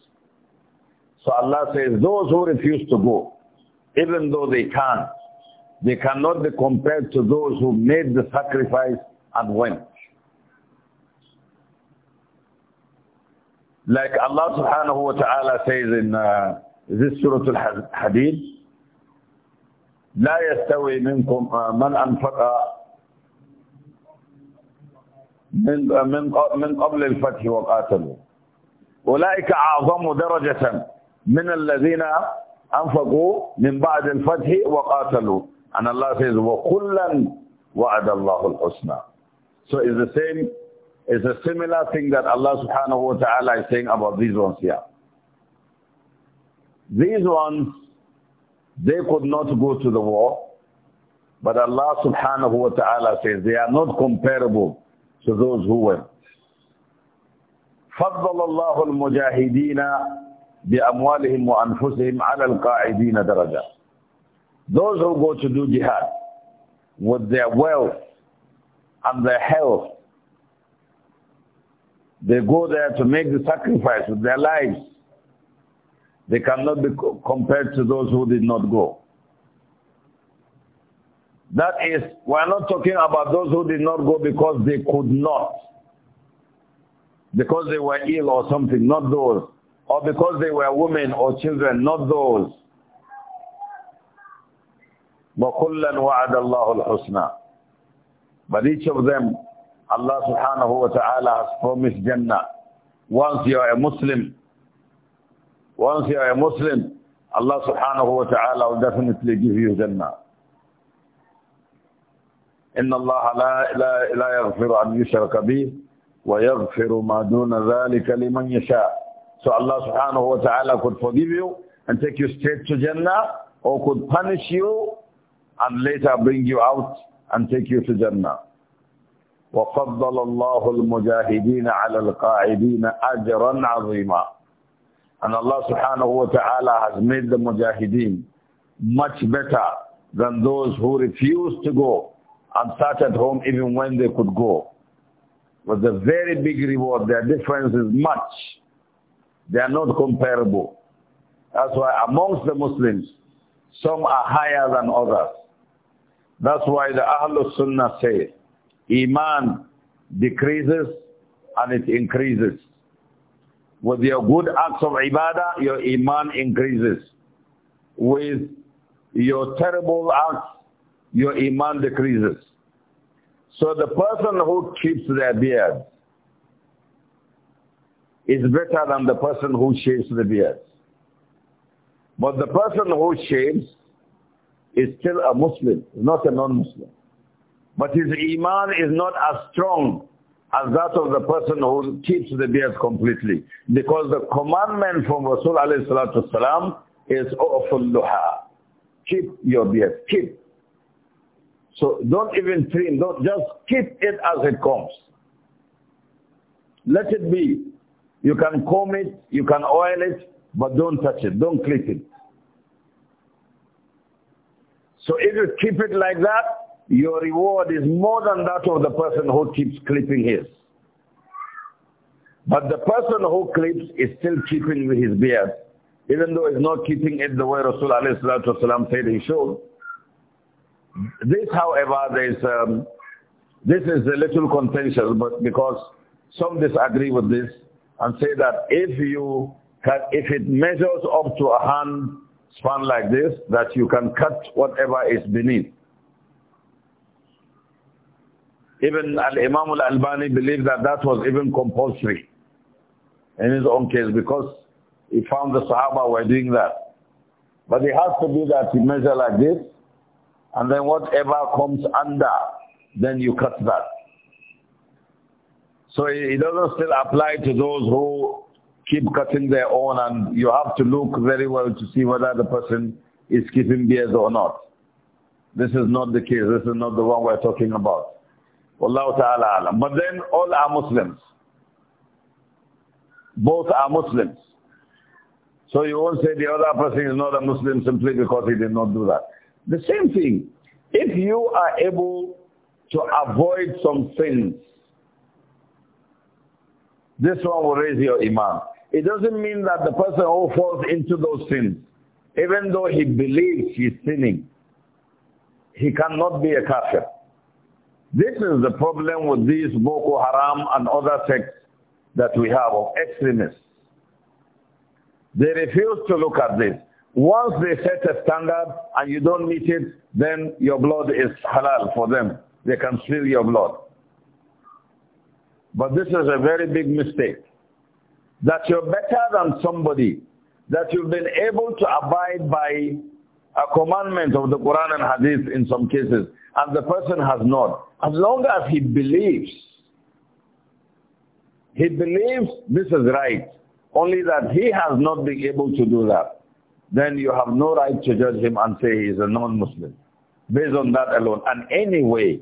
A: So Allah says, those who refuse to go, even though they can, they cannot be compared to those who made the sacrifice and went. Like Allah subhanahu wa ta'ala says in uh, زي سورة الحديد لا يستوي منكم آه، من أنفق من آه، من من قبل الفتح وقاتلوا أولئك أعظم درجة من الذين أنفقوا من بعد الفتح وقاتلوا أن الله says وَكُلًّا وَعَدَ اللَّهُ الْحُسْنَى so it's the same it's a similar thing that Allah subhanahu wa ta'ala is saying about these ones here These ones, they could not go to the war, but Allah subhanahu wa ta'ala says they are not comparable to those who went. فضل الله المجاهدين بأموالهم وأنفسهم على القاعدين درجة. Those who go to do jihad with their wealth and their health, they go there to make the sacrifice with their lives they cannot be compared to those who did not go. That is, we are not talking about those who did not go because they could not, because they were ill or something, not those, or because they were women or children, not those. وَكُلًّا وَعَدَ اللَّهُ الْحُسْنَى But each of them, Allah subhanahu wa ta'ala has promised Jannah. Once you are a Muslim, Once you are a Muslim, Allah subhanahu wa ta'ala will definitely give you Jannah. إن الله لا, لا, لا يغفر أن يشرك به ويغفر ما دون ذلك لمن يشاء. So Allah subhanahu wa ta'ala could forgive you and take you straight to Jannah or could punish you and later bring you out and take you to Jannah. وفضل الله المجاهدين على القاعدين أجرا عظيما And Allah subhanahu wa ta'ala has made the mujahideen much better than those who refused to go and sat at home even when they could go. But the very big reward, their difference is much. They are not comparable. That's why amongst the Muslims, some are higher than others. That's why the Ahlul Sunnah say, Iman decreases and it increases. With your good acts of ibadah, your iman increases. With your terrible acts, your iman decreases. So the person who keeps their beard is better than the person who shaves the beard. But the person who shaves is still a Muslim, not a non-Muslim. But his iman is not as strong as that of the person who keeps the beard completely. Because the commandment from Rasul alayhi salatu salam is duha. Keep your beard. Keep. So don't even trim. Don't just keep it as it comes. Let it be. You can comb it, you can oil it, but don't touch it. Don't clip it. So if you keep it like that, your reward is more than that of the person who keeps clipping his. But the person who clips is still keeping his beard, even though he's not keeping it the way Rasulullah ﷺ said he should. This, however, there is, um, this is a little contentious, but because some disagree with this and say that if you can, if it measures up to a hand span like this, that you can cut whatever is beneath. Even Al-Imam Al-Albani believed that that was even compulsory in his own case because he found the Sahaba were doing that. But it has to be that you measure like this and then whatever comes under, then you cut that. So it doesn't still apply to those who keep cutting their own and you have to look very well to see whether the person is keeping beers or not. This is not the case. This is not the one we're talking about. Wallahu ta'ala alam. But then all are Muslims. Both are Muslims. So you won't say the other person is not a Muslim simply because he did not do that. The same thing. If you are able to avoid some sins, this one will raise your iman. It doesn't mean that the person who falls into those sins, even though he believes he's sinning, he cannot be a kafir. This is the problem with these Boko Haram and other sects that we have of extremists. They refuse to look at this. Once they set a standard and you don't meet it, then your blood is halal for them. They can steal your blood. But this is a very big mistake. That you're better than somebody, that you've been able to abide by a commandment of the Quran and Hadith in some cases, and the person has not, as long as he believes, he believes this is right, only that he has not been able to do that, then you have no right to judge him and say he is a non-Muslim, based on that alone. And anyway,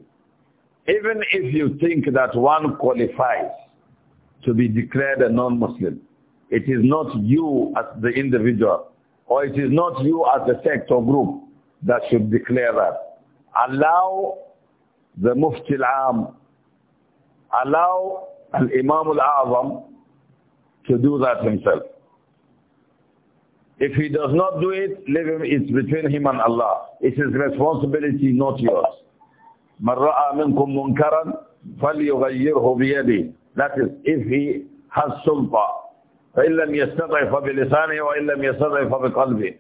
A: even if you think that one qualifies to be declared a non-Muslim, it is not you as the individual or it is not you as a sect or group that should declare that. Allow the Mufti al-Am, allow al-Imam al-Azam to do that himself. If he does not do it, leave him, it's between him and Allah. It's his responsibility, not yours. مَنْ رَأَى مِنْكُمْ مُنْكَرًا فَلْيُغَيِّرْهُ بِيَدِهِ That is, if he has power. فإن لم يستطع فبلسانه وإن لم يستطع فبقلبه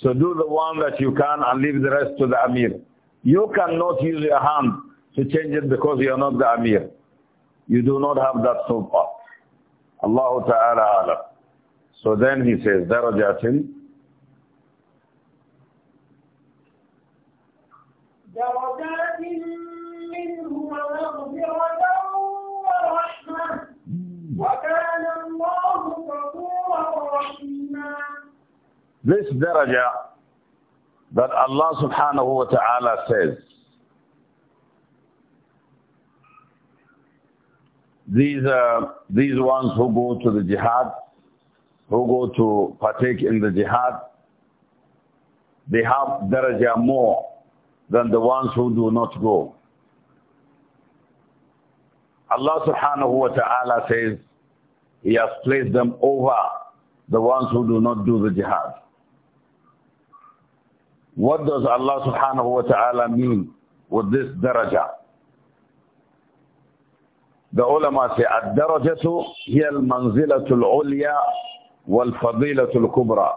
A: so do the one that you can and leave the rest to the Amir you cannot use your hand to change it because you are not the Amir you do not have that sulta Allah Ta'ala Ala. so then he says darajatin درجات This daraja that Allah subhanahu wa ta'ala says, these, are uh, these ones who go to the jihad, who go to partake in the jihad, they have daraja more than the ones who do not go. Allah subhanahu wa ta'ala says, He has placed them over the ones who do not do the jihad. What does Allah subhanahu wa ta'ala mean with this daraja? The ulama say, الدرجة هي wal العليا والفضيلة الكبرى.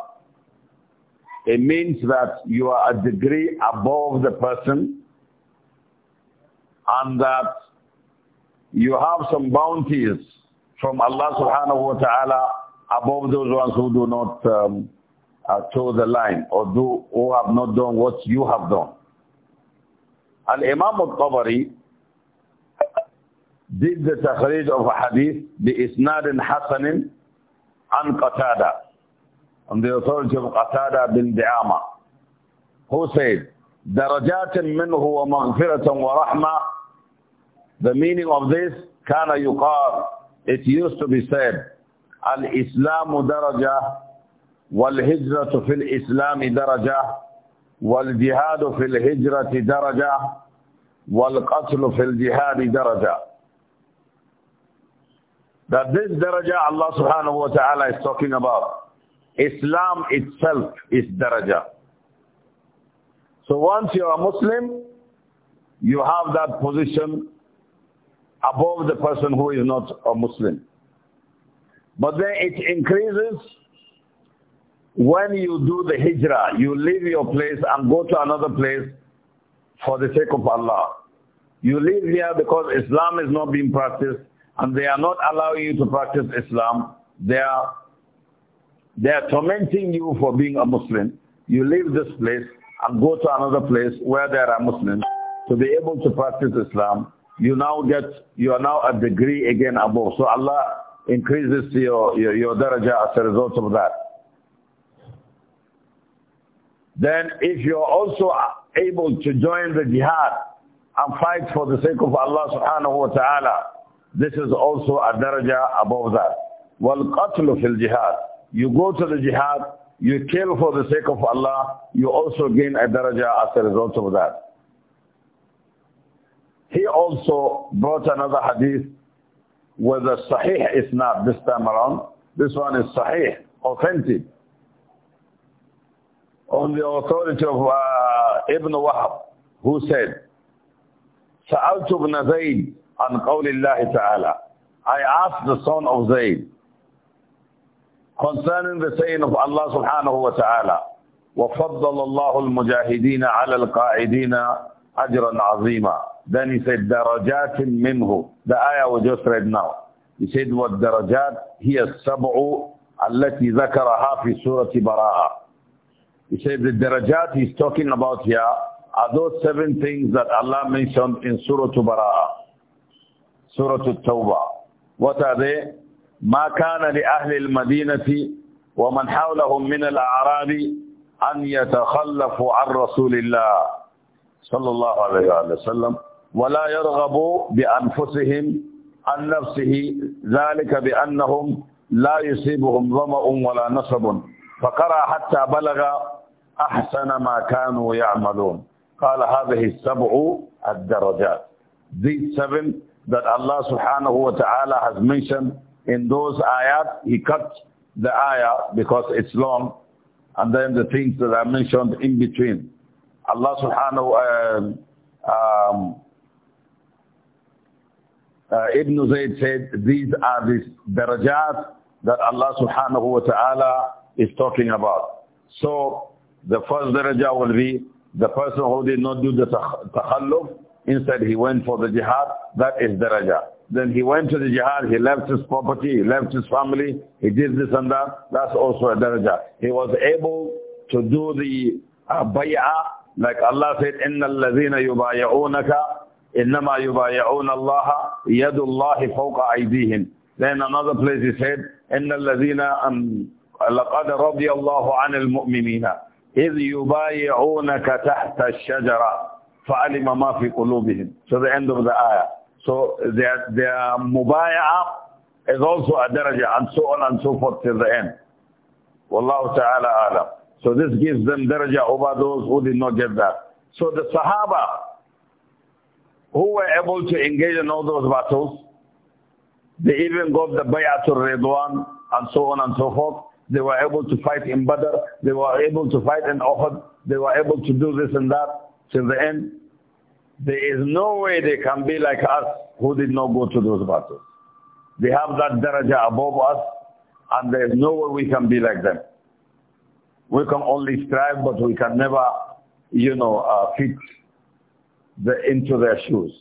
A: It means that you are a degree above the person and that you have some bounties from Allah subhanahu wa ta'ala above those ones who do not um, uh, toe the line or do who have not done what you have done. And Imam al-Tabari did the takhrij of a hadith bi isnadin hasanin an Qatada on the authority of Qatada bin Di'ama who said minhu wa منه wa rahma." the meaning of this kana yuqar. it used to be said al-islamu darajah والهجرة في الإسلام درجة والجهاد في الهجرة درجة والقتل في الجهاد درجة That this daraja Allah subhanahu wa ta'ala is talking about. Islam itself is daraja. So once you are Muslim, you have that position above the person who is not a Muslim. But then it increases when you do the hijrah, you leave your place and go to another place for the sake of Allah. You live here because Islam is not being practiced and they are not allowing you to practice Islam. They are, they are tormenting you for being a Muslim. You leave this place and go to another place where there are Muslims to be able to practice Islam. You now get, you are now a degree again above. So Allah increases your, your, your as a result of that then if you're also able to join the jihad and fight for the sake of Allah subhanahu wa ta'ala, this is also a daraja above that. وَالْقَتْلُ fil jihad. You go to the jihad, you kill for the sake of Allah, you also gain a daraja as a result of that. He also brought another hadith with a sahih isnad this time around. This one is sahih, authentic on the authority of uh, Ibn Wahab, who said, سألت ابن زيد عن قول الله تعالى. I asked the son of Zayd concerning the saying of Allah subhanahu wa ta'ala, وَفَضَّلَ اللَّهُ الْمُجَاهِدِينَ عَلَى الْقَاعِدِينَ أَجْرًا عَظِيمًا Then he said, دَرَجَاتٍ مِّنْهُ The ayah we just read now. He said, وَالدَّرَجَات هِيَ السَّبْعُ الَّتِي ذَكَرَهَا فِي سُورَةِ بَرَاءَةٍ He said the darajat he's talking about here are those seven things that Allah mentioned in Surah al Surah Al-Tawbah. What are they? ما كان لأهل المدينة ومن حولهم من الأعراب أن يتخلفوا عن رسول الله صلى الله عليه وسلم ولا يرغبوا بأنفسهم عن نفسه ذلك بأنهم لا يصيبهم ظمأ ولا نصب فقرأ حتى بلغ أحسن ما كانوا يعملون قال هذه السبع الدرجات These seven that Allah subhanahu wa ta'ala has mentioned in those ayat, he cut the ayah because it's long and then the things that are mentioned in between. Allah subhanahu um, wa um, uh, Ibn Zayd said, these are the darajat that Allah subhanahu wa ta'ala is talking about. So the first daraja will be the person who did not do the takhalluf. Instead, he went for the jihad. That is daraja. Then he went to the jihad. He left his property. He left his family. He did this and that. That's also a daraja. He was able to do the uh, bay'ah. Like Allah said, إِنَّ الَّذِينَ يُبَايَعُونَكَ إِنَّمَا يُبَايَعُونَ اللَّهَ يَدُ اللَّهِ فَوْقَ أَيْدِيهِمْ Then another place he said, إِنَّ الَّذِينَ لَقَدْ رَضِيَ اللَّهُ عَنِ الْمُؤْمِنِينَ إذ يبايعونك تحت الشجرة فعلم ما في قلوبهم. So the end of the ayah. So their, their mubaya'ah is also a daraja and so on and so forth till the end. Wallahu ta'ala alam. So this gives them daraja over those who did not get that. So the Sahaba who were able to engage in all those battles, they even got the Bayatul Ridwan and so on and so forth. They were able to fight in Badr. They were able to fight in Uhud. They were able to do this and that till the end. There is no way they can be like us who did not go to those battles. They have that daraja above us and there is no way we can be like them. We can only strive but we can never, you know, uh, fit the, into their shoes.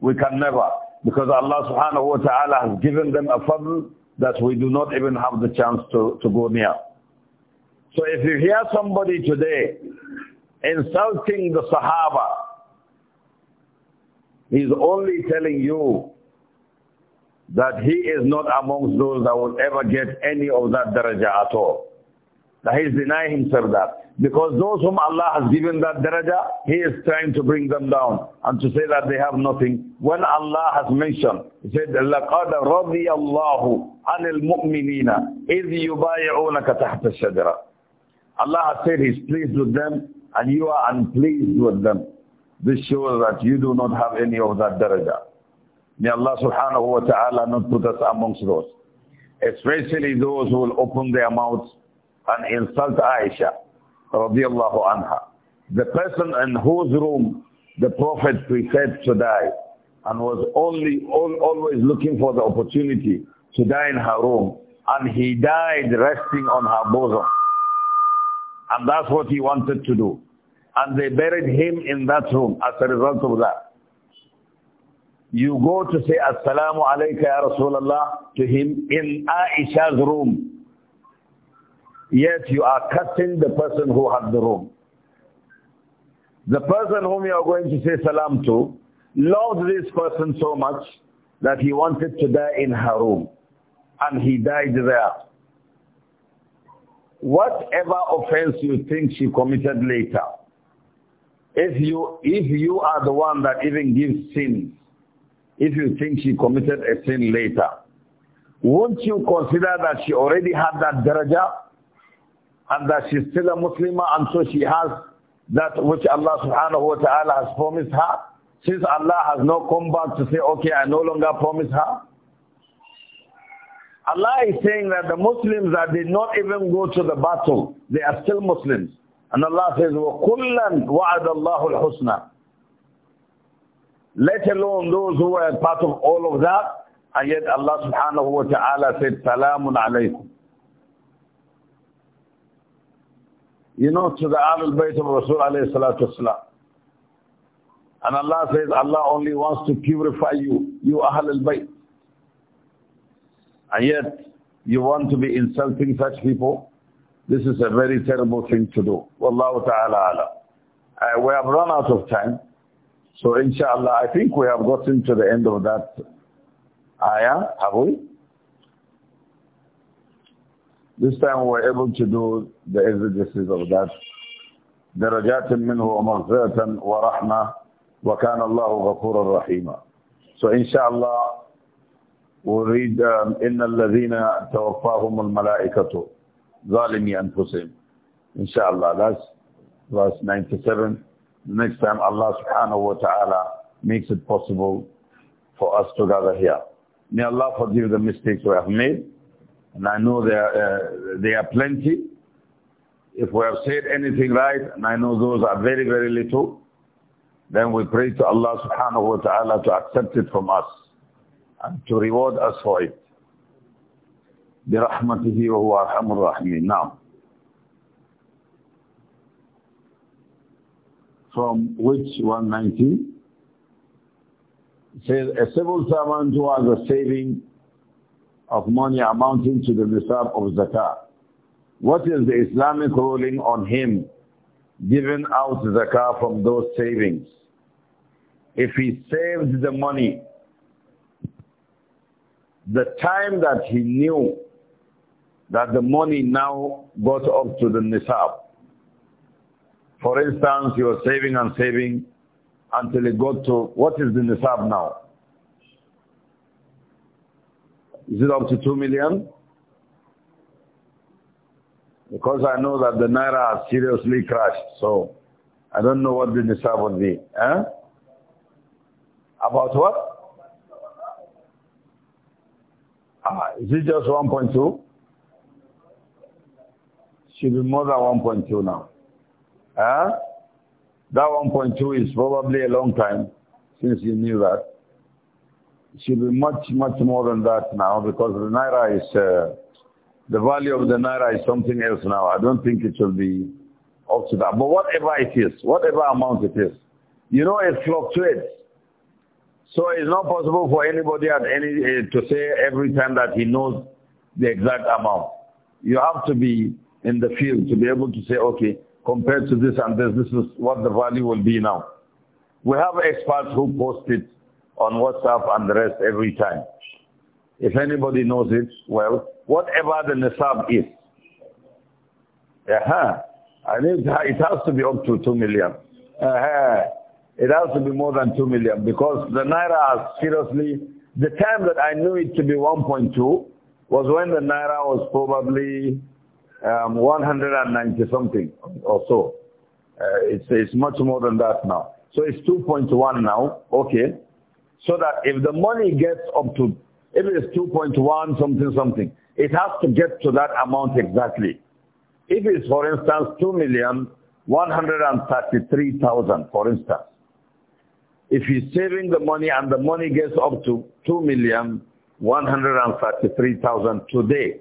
A: We can never because Allah subhanahu wa ta'ala has given them a fadl that we do not even have the chance to, to go near. So if you hear somebody today insulting the Sahaba, he's only telling you that he is not amongst those that will ever get any of that daraja at all. That he is denying himself that. Because those whom Allah has given that daraja, he is trying to bring them down and to say that they have nothing. When Allah has mentioned, he said, لَقَدْ رَضِيَ اللَّهُ عَنِ الْمُؤْمِنِينَ إِذْ يُبَايِعُونَكَ تَحْتَ الشَّجَرَةِ Allah has said he's pleased with them and you are unpleased with them. This shows that you do not have any of that daraja. May Allah subhanahu wa ta'ala not put us amongst those. Especially those who will open their mouths and insult Aisha radiallahu anha. The person in whose room the Prophet preferred to die and was only all, always looking for the opportunity to die in her room. And he died resting on her bosom. And that's what he wanted to do. And they buried him in that room as a result of that. You go to say, Assalamu alaykum, ya Rasulallah to him in Aisha's room. Yet you are cutting the person who had the room. The person whom you are going to say salam to loved this person so much that he wanted to die in her room. And he died there. Whatever offense you think she committed later, if you, if you are the one that even gives sins, if you think she committed a sin later, won't you consider that she already had that daraja? and that she's still a Muslimah and so she has that which Allah subhanahu wa ta'ala has promised her. Since Allah has not come back to say, okay, I no longer promise her. Allah is saying that the Muslims that did not even go to the battle, they are still Muslims. And Allah says, وَكُلًّا وَعَدَ اللَّهُ الْحُسْنَى Let alone those who were part of all of that, and yet Allah subhanahu wa ta'ala said, سَلَامٌ عَلَيْكُمْ you know, to the Ahlul Bayt of Rasul alayhi salatu wasalam. And Allah says, Allah only wants to purify you, you Ahlul Bayt. And yet, you want to be insulting such people? This is a very terrible thing to do. Wallahu ta'ala ala. Uh, we have run out of time. So inshallah, I think we have gotten to the end of that ayah, have we? This time we were able to do the exegesis of that. درجات منه ومغفرة ورحمة وكان الله غفورا رحيما. So inshallah we'll read um, إن الذين توفاهم الملائكة ظالمي أنفسهم. Inshallah that's verse 97. next time Allah subhanahu wa ta'ala makes it possible for us to gather here. May Allah forgive the mistakes we have made and I know they are, uh, they are plenty. If we have said anything right, and I know those are very, very little, then we pray to Allah subhanahu wa ta'ala to accept it from us and to reward us for it. برحمته وهو أرحم الراحمين. Now, from which 190? says, a civil servant who has a saving of money amounting to the nisab of zakah. What is the Islamic ruling on him giving out zakah from those savings? If he saved the money, the time that he knew that the money now got up to the nisab. For instance, you are saving and saving until it got to, what is the nisab now? Is it up to 2 million? Because I know that the Naira has seriously crashed, so I don't know what the nisab would be. Eh? About what? Ah, is it just 1.2? Should be more than 1.2 now. Eh? That 1.2 is probably a long time since you knew that should be much, much more than that now because the naira is, uh, the value of the naira is something else now. I don't think it should be up to that. But whatever it is, whatever amount it is, you know it fluctuates. So it's not possible for anybody at any uh, to say every time that he knows the exact amount. You have to be in the field to be able to say, okay, compared to this and this, this is what the value will be now. We have experts who post it on WhatsApp and the rest every time. If anybody knows it, well, whatever the nisab is. Uh-huh. And it, it has to be up to 2 million. Uh-huh. It has to be more than 2 million because the Naira has seriously, the time that I knew it to be 1.2 was when the Naira was probably um, 190 something or so. Uh, it's, it's much more than that now. So it's 2.1 now. Okay. So that if the money gets up to, if it is 2.1 something something, it has to get to that amount exactly. If it's, for instance, 2,133,000, for instance, if he's saving the money and the money gets up to 2,133,000 today,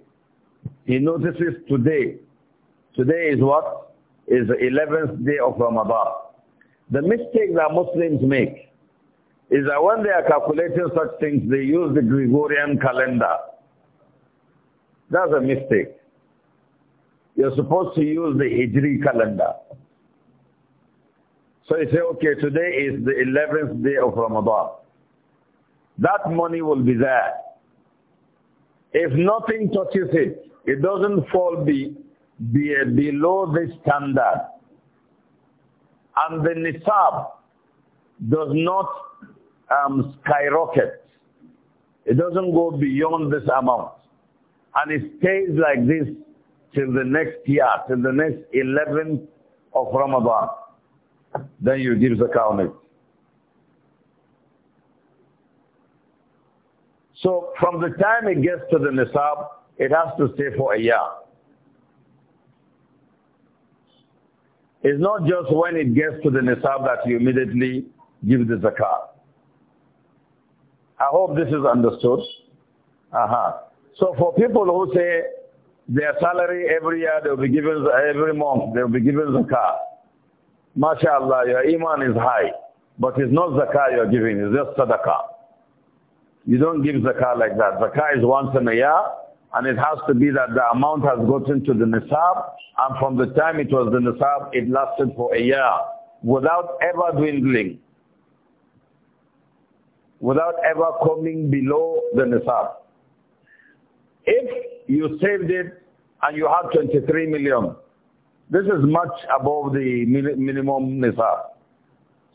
A: he notices today, today is what? Is the 11th day of Ramadan. The mistake that Muslims make is that when they are calculating such things, they use the Gregorian calendar. That's a mistake. You're supposed to use the Hijri calendar. So you say, okay, today is the 11th day of Ramadan. That money will be there. If nothing touches it, it doesn't fall be, be, below the standard. And the nisab does not um, skyrockets. It doesn't go beyond this amount. And it stays like this till the next year, till the next 11th of Ramadan. Then you give the on it. So from the time it gets to the nisab, it has to stay for a year. It's not just when it gets to the nisab that you immediately give the zakat. I hope this is understood. Uh -huh. So for people who say their salary every year, they'll be given, every month, they'll be given zakah. MashaAllah, your iman is high. But it's not zakah you're giving, it's just sadaqah. You don't give zakah like that. Zakah is once in a year, and it has to be that the amount has gotten to the nisab, and from the time it was the nisab, it lasted for a year without ever dwindling without ever coming below the nisab. If you saved it and you have 23 million, this is much above the minimum nisab.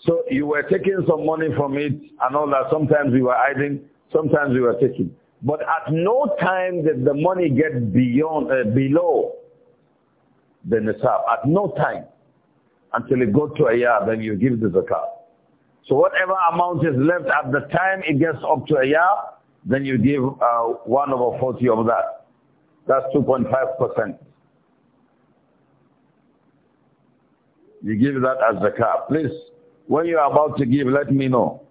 A: So you were taking some money from it and all that. Sometimes we were hiding, sometimes we were taking. But at no time did the money get beyond, uh, below the nisab. At no time. Until it goes to a year, then you give the zakat. So whatever amount is left at the time it gets up to a year, then you give uh, 1 over 40 of that. That's 2.5%. You give that as the car. Please, when you are about to give, let me know.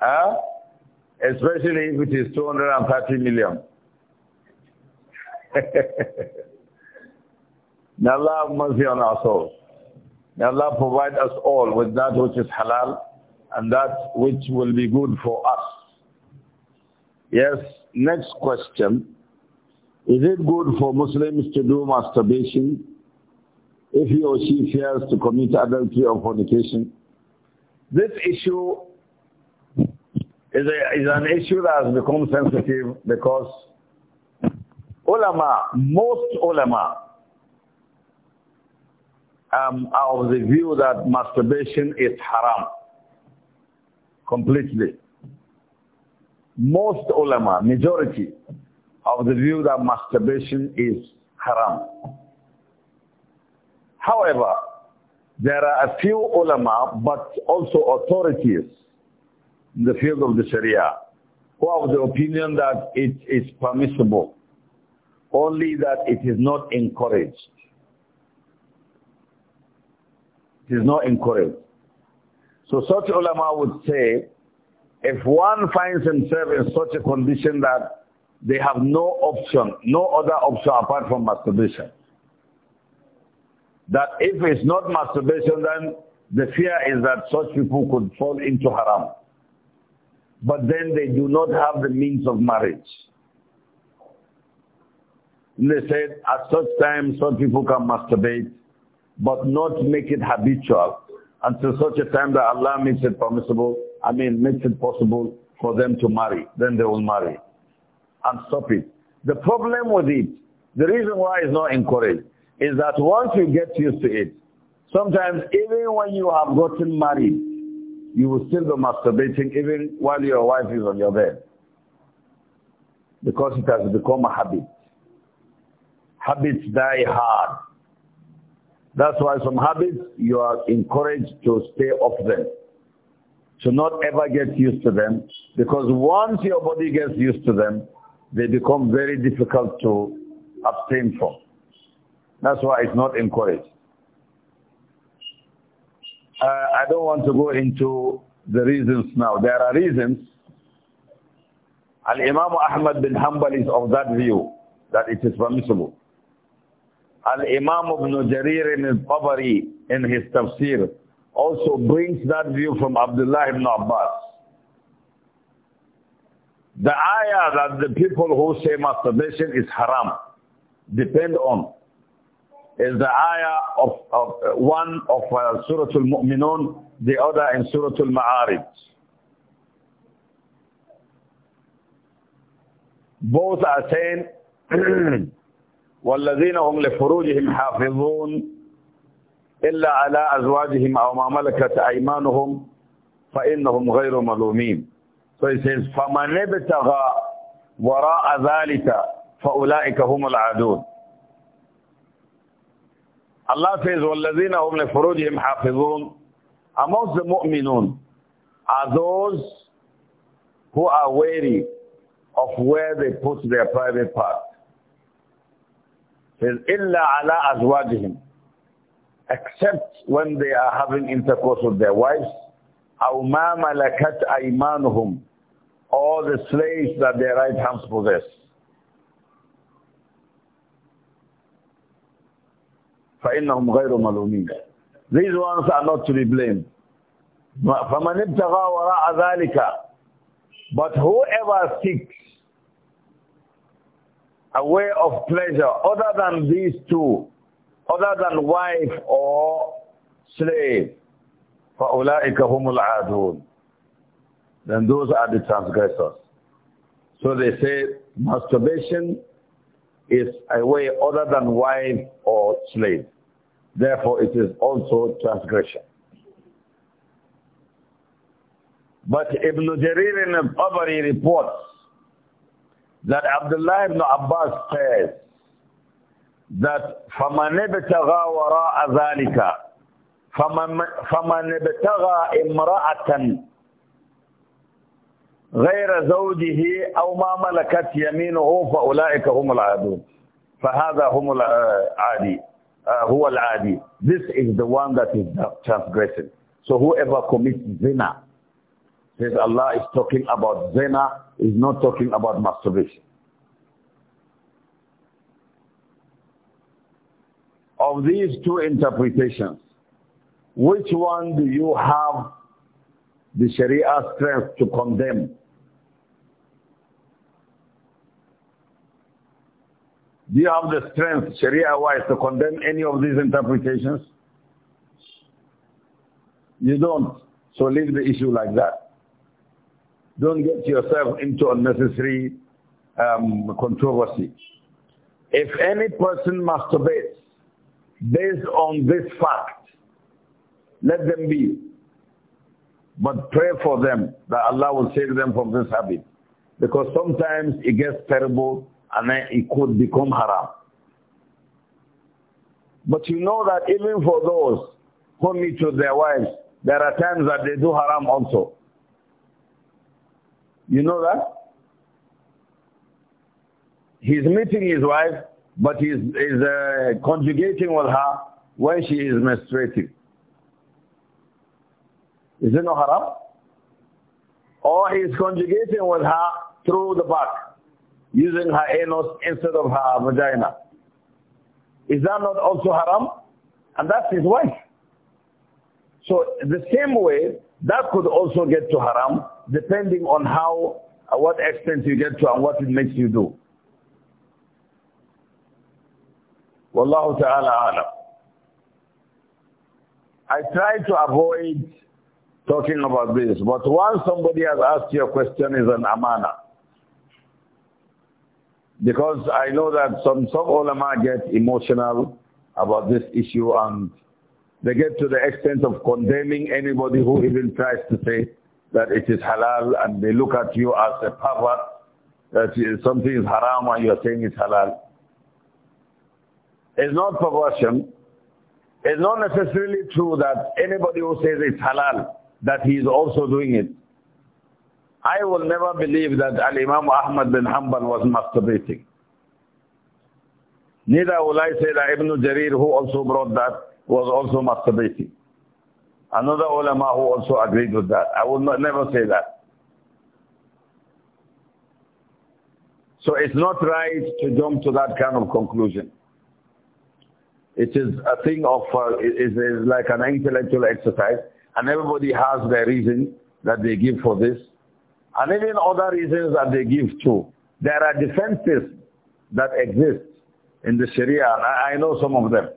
A: Huh? Especially if it is 230 million. May Allah have mercy on our souls. May Allah provide us all with that which is halal and that which will be good for us. Yes, next question. Is it good for Muslims to do masturbation if he or she fears to commit adultery or fornication? This issue is, a, is an issue that has become sensitive because ulama, most ulama, are um, of the view that masturbation is haram completely. Most ulama, majority, of the view that masturbation is haram. However, there are a few ulama, but also authorities in the field of the Sharia, who have the opinion that it is permissible, only that it is not encouraged. Is not encouraged. So such ulama would say, if one finds himself in such a condition that they have no option, no other option apart from masturbation, that if it's not masturbation, then the fear is that such people could fall into haram. But then they do not have the means of marriage. And they said, at such times, such people can masturbate but not make it habitual until such a time that Allah makes it permissible, I mean makes it possible for them to marry. Then they will marry and stop it. The problem with it, the reason why it's not encouraged, is that once you get used to it, sometimes even when you have gotten married, you will still be masturbating even while your wife is on your bed. Because it has become a habit. Habits die hard. That's why some habits you are encouraged to stay off them. to not ever get used to them because once your body gets used to them, they become very difficult to abstain from. That's why it's not encouraged. Uh, I don't want to go into the reasons now. There are reasons. Al-Imam Ahmad bin Hanbal is of that view, that it is permissible. Al-Imam ibn Jarir in his Tabari, in his tafsir, also brings that view from Abdullah ibn Abbas. The ayah that the people who say masturbation is haram depend on is the ayah of, of uh, one of uh, Surah Al-Mu'minun, the other in Surah Al-Ma'arij. Both are saying والذين هم لفروجهم حافظون إلا على أزواجهم أو ما ملكت أيمانهم فإنهم غير ملومين So he says, فَمَنْ ابْتَغَى وَرَاءَ ذَلِكَ فَأُولَٰئِكَ هُمُ العدون Allah says, وَالَّذِينَ هُمْ لِفُرُوجِهِمْ حَافِظُونَ Amongst the مؤمنون are those who are wary of where they put their private parts. says, Illa ala azwajihim. Except when they are having intercourse with their wives. أو ما ملكت أيمانهم. All the slaves that their right hands possess. فإنهم غير ملومين. These ones are not to be blamed. فمن ابتغى وراء ذلك. But whoever seeks a way of pleasure other than these two, other than wife or slave. فَأُولَٰئِكَ هُمُ الْعَادُونَ Then those are the transgressors. So they say masturbation is a way other than wife or slave. Therefore, it is also transgression. But Ibn Jarir in Tabari reports that Abdullah ibn Abbas says that فَمَنْ ابْتَغَى وَرَاءَ ذَلِكَ فَمَنْ ابْتَغَى إِمْرَأَةً غير زوجه أو ما ملكت يمينه فأولئك هم العادون فهذا هم العادي هو العادي This is the one that is transgressing. So whoever commits zina says Allah is talking about zina, is not talking about masturbation. Of these two interpretations, which one do you have the Sharia strength to condemn? Do you have the strength, Sharia-wise, to condemn any of these interpretations? You don't. So leave the issue like that. Don't get yourself into unnecessary um, controversy. If any person masturbates based on this fact, let them be. But pray for them that Allah will save them from this habit. Because sometimes it gets terrible and then it could become haram. But you know that even for those who meet with their wives, there are times that they do haram also. You know that? He's meeting his wife, but he's, he's uh, conjugating with her when she is menstruating. Is it no haram? Or he's conjugating with her through the back, using her anus instead of her vagina. Is that not also haram? And that's his wife. So the same way, that could also get to haram depending on how, uh, what extent you get to and what it makes you do. Wallahu ta'ala alam. I try to avoid talking about this, but once somebody has asked you a question is an amana. Because I know that some, some ulama get emotional about this issue and they get to the extent of condemning anybody who even tries to say that it is halal and they look at you as a pervert, that something is haram and you are saying it's halal. It's not perversion. It's not necessarily true that anybody who says it's halal, that he is also doing it. I will never believe that Al-Imam Ahmad bin Hanbal was masturbating. Neither will I say that Ibn Jarir, who also brought that, was also masturbating. Another ulama who also agreed with that. I will not, never say that. So it's not right to jump to that kind of conclusion. It is a thing of, uh, it is like an intellectual exercise and everybody has their reason that they give for this and even other reasons that they give too. There are defenses that exist in the Sharia and I know some of them.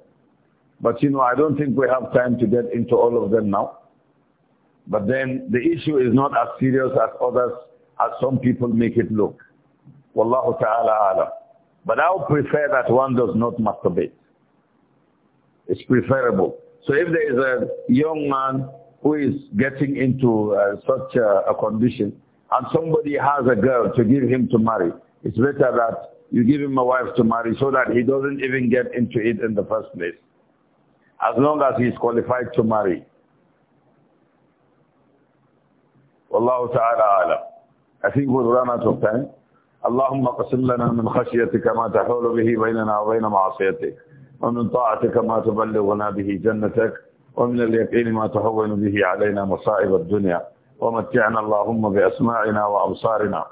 A: But you know, I don't think we have time to get into all of them now. But then the issue is not as serious as others, as some people make it look. Wallahu ta'ala alam. But I would prefer that one does not masturbate. It's preferable. So if there is a young man who is getting into uh, such a condition and somebody has a girl to give him to marry, it's better that you give him a wife to marry so that he doesn't even get into it in the first place. as long as he is qualified to marry. والله تعالى أعلم. I think we'll run out of time. اللهم قسم لنا من خشيتك ما تحول به بيننا وبين معصيتك ومن طاعتك ما تبلغنا به جنتك ومن اليقين ما تهون به علينا مصائب الدنيا ومتعنا اللهم بأسماعنا وأبصارنا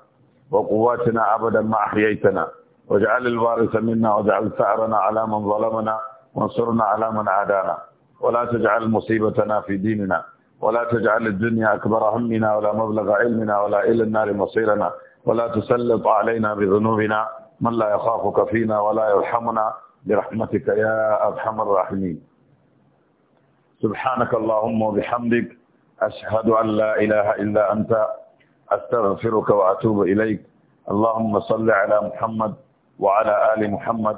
A: وقواتنا أبدا ما أحييتنا واجعل الوارث منا واجعل ثأرنا على من ظلمنا وانصرنا على من عادانا ولا تجعل مصيبتنا في ديننا ولا تجعل الدنيا أكبر همنا ولا مبلغ علمنا ولا إلى النار مصيرنا ولا تسلط علينا بذنوبنا من لا يخافك فينا ولا يرحمنا برحمتك يا أرحم الراحمين سبحانك اللهم وبحمدك أشهد أن لا إله إلا أنت أستغفرك وأتوب إليك اللهم صل على محمد وعلى آل محمد